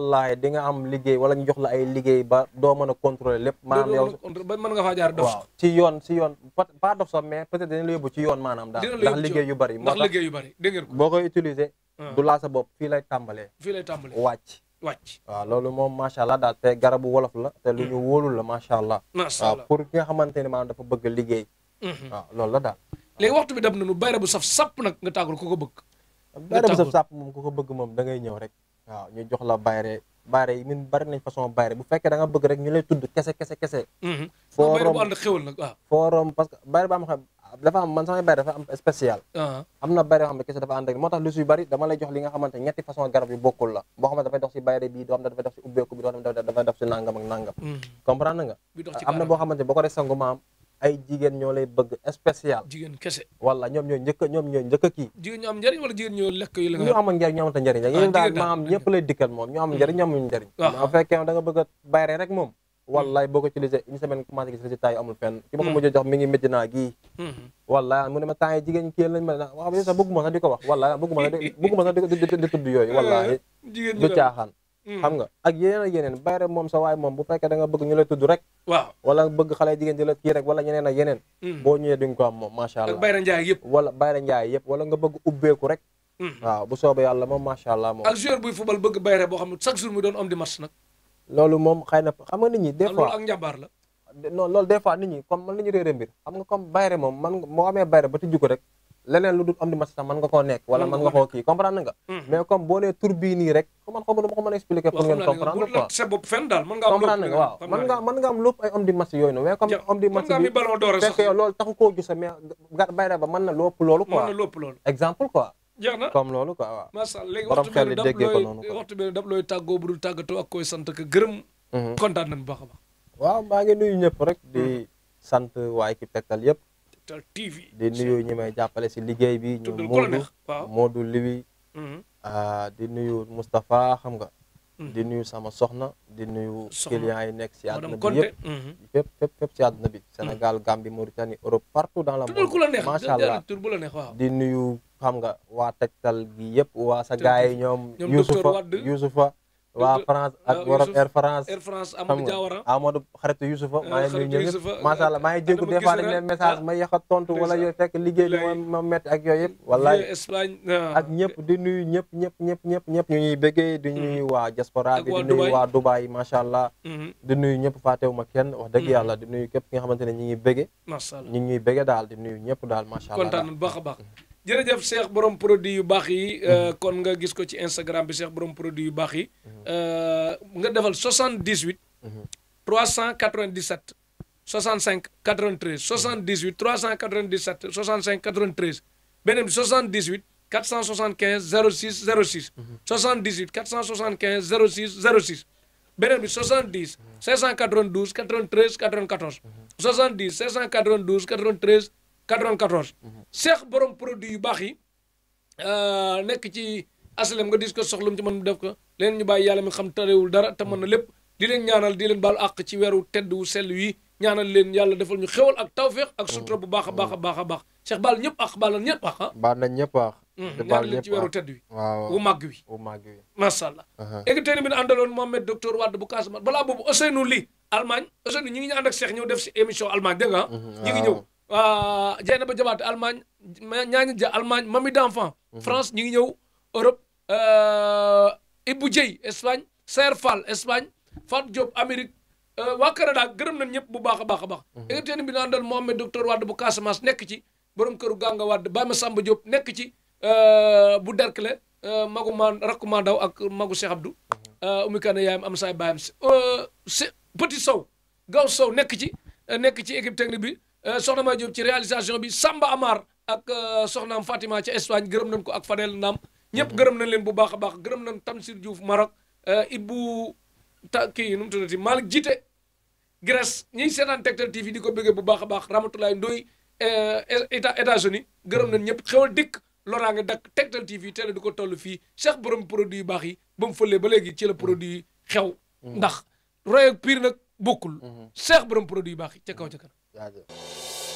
la a contrôler lépp maanaam yow mën nga faa jaar dof waaw ci yoon ci yoon pas dof sax mais peut-être dañu la yóbbu ci yoon maanaam daal ndax liggéey yu bari ndax liggéey yu bari dégg ngeen ko boo koy utiliser Ah. du laa sa bopp fii lay tàmbalee. fii lay loolu moom macha allah daal te garabu wolof la te lu ñu hmm. wóolul la macha allah. macha allah waaw pour nga xamante ne maanaam dafa bëgg liggéey. Hmm. waaw la daal. léegi waxtu bi dem nañu bayra bu saf sàpp nag nga tàggul ku ko bëgg. bayra bu saf sàpp moom ku ko bëgg moom da ñëw rek. waaw ñu jox la bayre bayre yi ñun bari nañ façon bayre bu fekkee da nga bëgg rek ñu lay tudd kese kese hmm. foo rom bayre bayre ba am xam dafa am man samay bayre dafa am spécial uh-huh. am na bayre xam ne kese dafa ànd ak moo tax lu suy bari dama lay jox li nga xamante ñetti façon garab yu bokkul la boo xam ne dafay bayre xam ne dafay xam ne si mm-hmm. na boo ko def sangu maam ay jigéen ñoo lay bëgg spécial jigéen ñoom ñoo njëkk ñoom ñoo njëkk kii ñoo am njëriñ wala jigéen ñoo lekk yi la ñoo ah, am njëriñ ñoo amata njëriñ yéen daal maam ñëpp ñoo am njëriñ ñoo am njëriñ bu fekkee da nga bëgg a bayre rek moom Hmm. wallaay boo ko utilisé une semaine commencé gis résultat yi amul fenn ki ma ko hmm. mujjee jox mi ngi hmm. mu ne ma kii lañ ma wax sax bëgguma sax di ko <laughs> caaxaan xam nga ak yeneen ak yeneen bàyyi moom sa waay moom bu fekkee da nga bëgg ñu lay tudd rek waaw wala bëgg xale jigéen di kii rek wala ñeneen ak yeneen boo ñëwee di nga ko am moom macha Njaay yëpp wala Bayra Njaay yëpp wala nga bëgg ubbeeku rek waaw bu soobee yàlla moom macha allah moom ak joueur buy boo xam ne chaque loolu moom xëy na xam nga nit ñi des fois loolu ak njabaar la non loolu des fois nit ñi comme mën nañu réere mbir xam nga comme bayre moom man ko rek leneen lu nga koo nekk wala mën nga mm-hmm. koo kii comprendre nga mm-hmm. mais comme boo nee tur bii rek man xaw ma dama ko mën a expliquer pour ngeen comprendre quoi sa nga am ay homme di match yooyu noonu mais comme homme di match bi taxu koo gis mais bayre ba mën na lépp loolu exemple quoi jeex na comme loolu quoi waaw. macha allah léegi waxtu bi dab looy waxtu bi dab looy tàggoo bu koy sant ka gërëm. Mhm. kontaan nañu baax a waaw maa ngi nuyu ñëpp rek di mhm. sant waa ki Tektal yëpp. Tektal TV di nuyu ñi jàppale si liggéey bi. ñu Moodu Moodu Liwi. Mhm. Ah, di nuyu Moustapha xam nga. di nuyu sama soxna di nuyu clients yi nekk si àdduna bi yëpp fépp fépp fépp si àdduna bi Sénégal Gambie Mauritanie Europe partout dans le monde macha di nuyu xam nga waa tal gi yëpp waa sa gars yi ñoom. Yusufa Yusufa waa France ak Europe Air France. Air France Amadou Diawara Amadou xaritu Yusufa. Ah, maa ngi nuyu ñëpp macha allah maa ngi jégalu des fois dañu leen message ah, ma yàq a tontu wala yooyu ak yooyu yëpp. Ah. ak ñëpp di nuyu ñëpp ñëpp ñëpp ñëpp ñëpp ñu ñuy bëggee di mm-hmm. nuyu waa diaspora bi di nuyu waa Dubaay macha allah. Mm-hmm. di nuyu ñëpp fàttewuma kenn wax dëgg mm-hmm. yàlla di nuyu képp ki nga xamante ne ñu ngi bëggee. macha ñuy bëggee daal di nuyu ñëpp daal macha allah a baax jërëjëf Cheikh borom produit yu baax yi. Euh, mhm. kon nga gis ko ci Instagram bi Cheikh borom produit yu baax yi. Mhm. Euh, nga defal 78. 397. 65 93 78 397 65 93 beneen bi 78 475 06 06. 78 475 06 06. beneen bi 70 592 93 94. 70 592 93. 94. Mhm. seex borom produit yu baax yi euh, nekk ci aslem nga dis ko soxlum ci mën def ko leen ñu bàyyi yàlla mi xam tarewul dara te mën na lépp di leen ñaanal di leen baal àq ci weeru tedd wu sell wi ñaanal leen yàlla defal ñu xewal ak tawféex ak mhm. sutura bu baax a baax a mhm. baax a baax seex baal ñëpp àq baal nañ ñëpp àq ah baal nañ ñëpp àq di baal ñëpp ci weeru tedd wi wu bi ne àndaloon Mohamed docteur Wade bu Casamance balaa boobu Ousseynou Ly Allemagne ak seex ñëw def si émission Allemagne dégg nga ñi ñëw Euh, Dieynaba Diabaté Allemagne ñaani ja Allemagne Mami d'enfant mhm. France ñu ngi ñëw Europe euh, Ibou Dieye Espagne Serre Fall Espagne Fatou Diop Amérique euh, waa Canada gërëm na ñëpp bu baax a baax a baax mhm. égatéeni bi naan dal Mohamed docteur Wade bu Casamance nekk ci borom këru Ganga Wade Baye samba Diop nekk ci bu Derkle magu ma rakku ak magu Cheikh Abdou mhm. Oumy Kane yaayam am saay baayam si Sow Gaw Sow nekk ci nekk ci équipe technique bi Euh, soxna May Diop ci réalisation bi Samba Amar ak euh, soxnaam Fatima ci Espagne gërëm nañ ko ak Fadel Naam. ñëpp mhm. gërëm nañ leen bu baax a baax gërëm nañ Tamsir Diouf Maroc euh, Ibou ta kii nu mu tuddati Malick Jite Grèce ñiy seetaan Tektal TV di ko bëggee bu baax a baax Ramatoulaye Ndoye état États-Unis gërëm mhm. nañ ñëpp xewal dikk loraange dakk Tektal TV télé di ko toll fii chaque borom produit yu baax yi ba mu ba léegi ci la mhm. produi xew. ndax roy ak pire nag bokkul. chaque borom produit yu yi ca kaw geldi.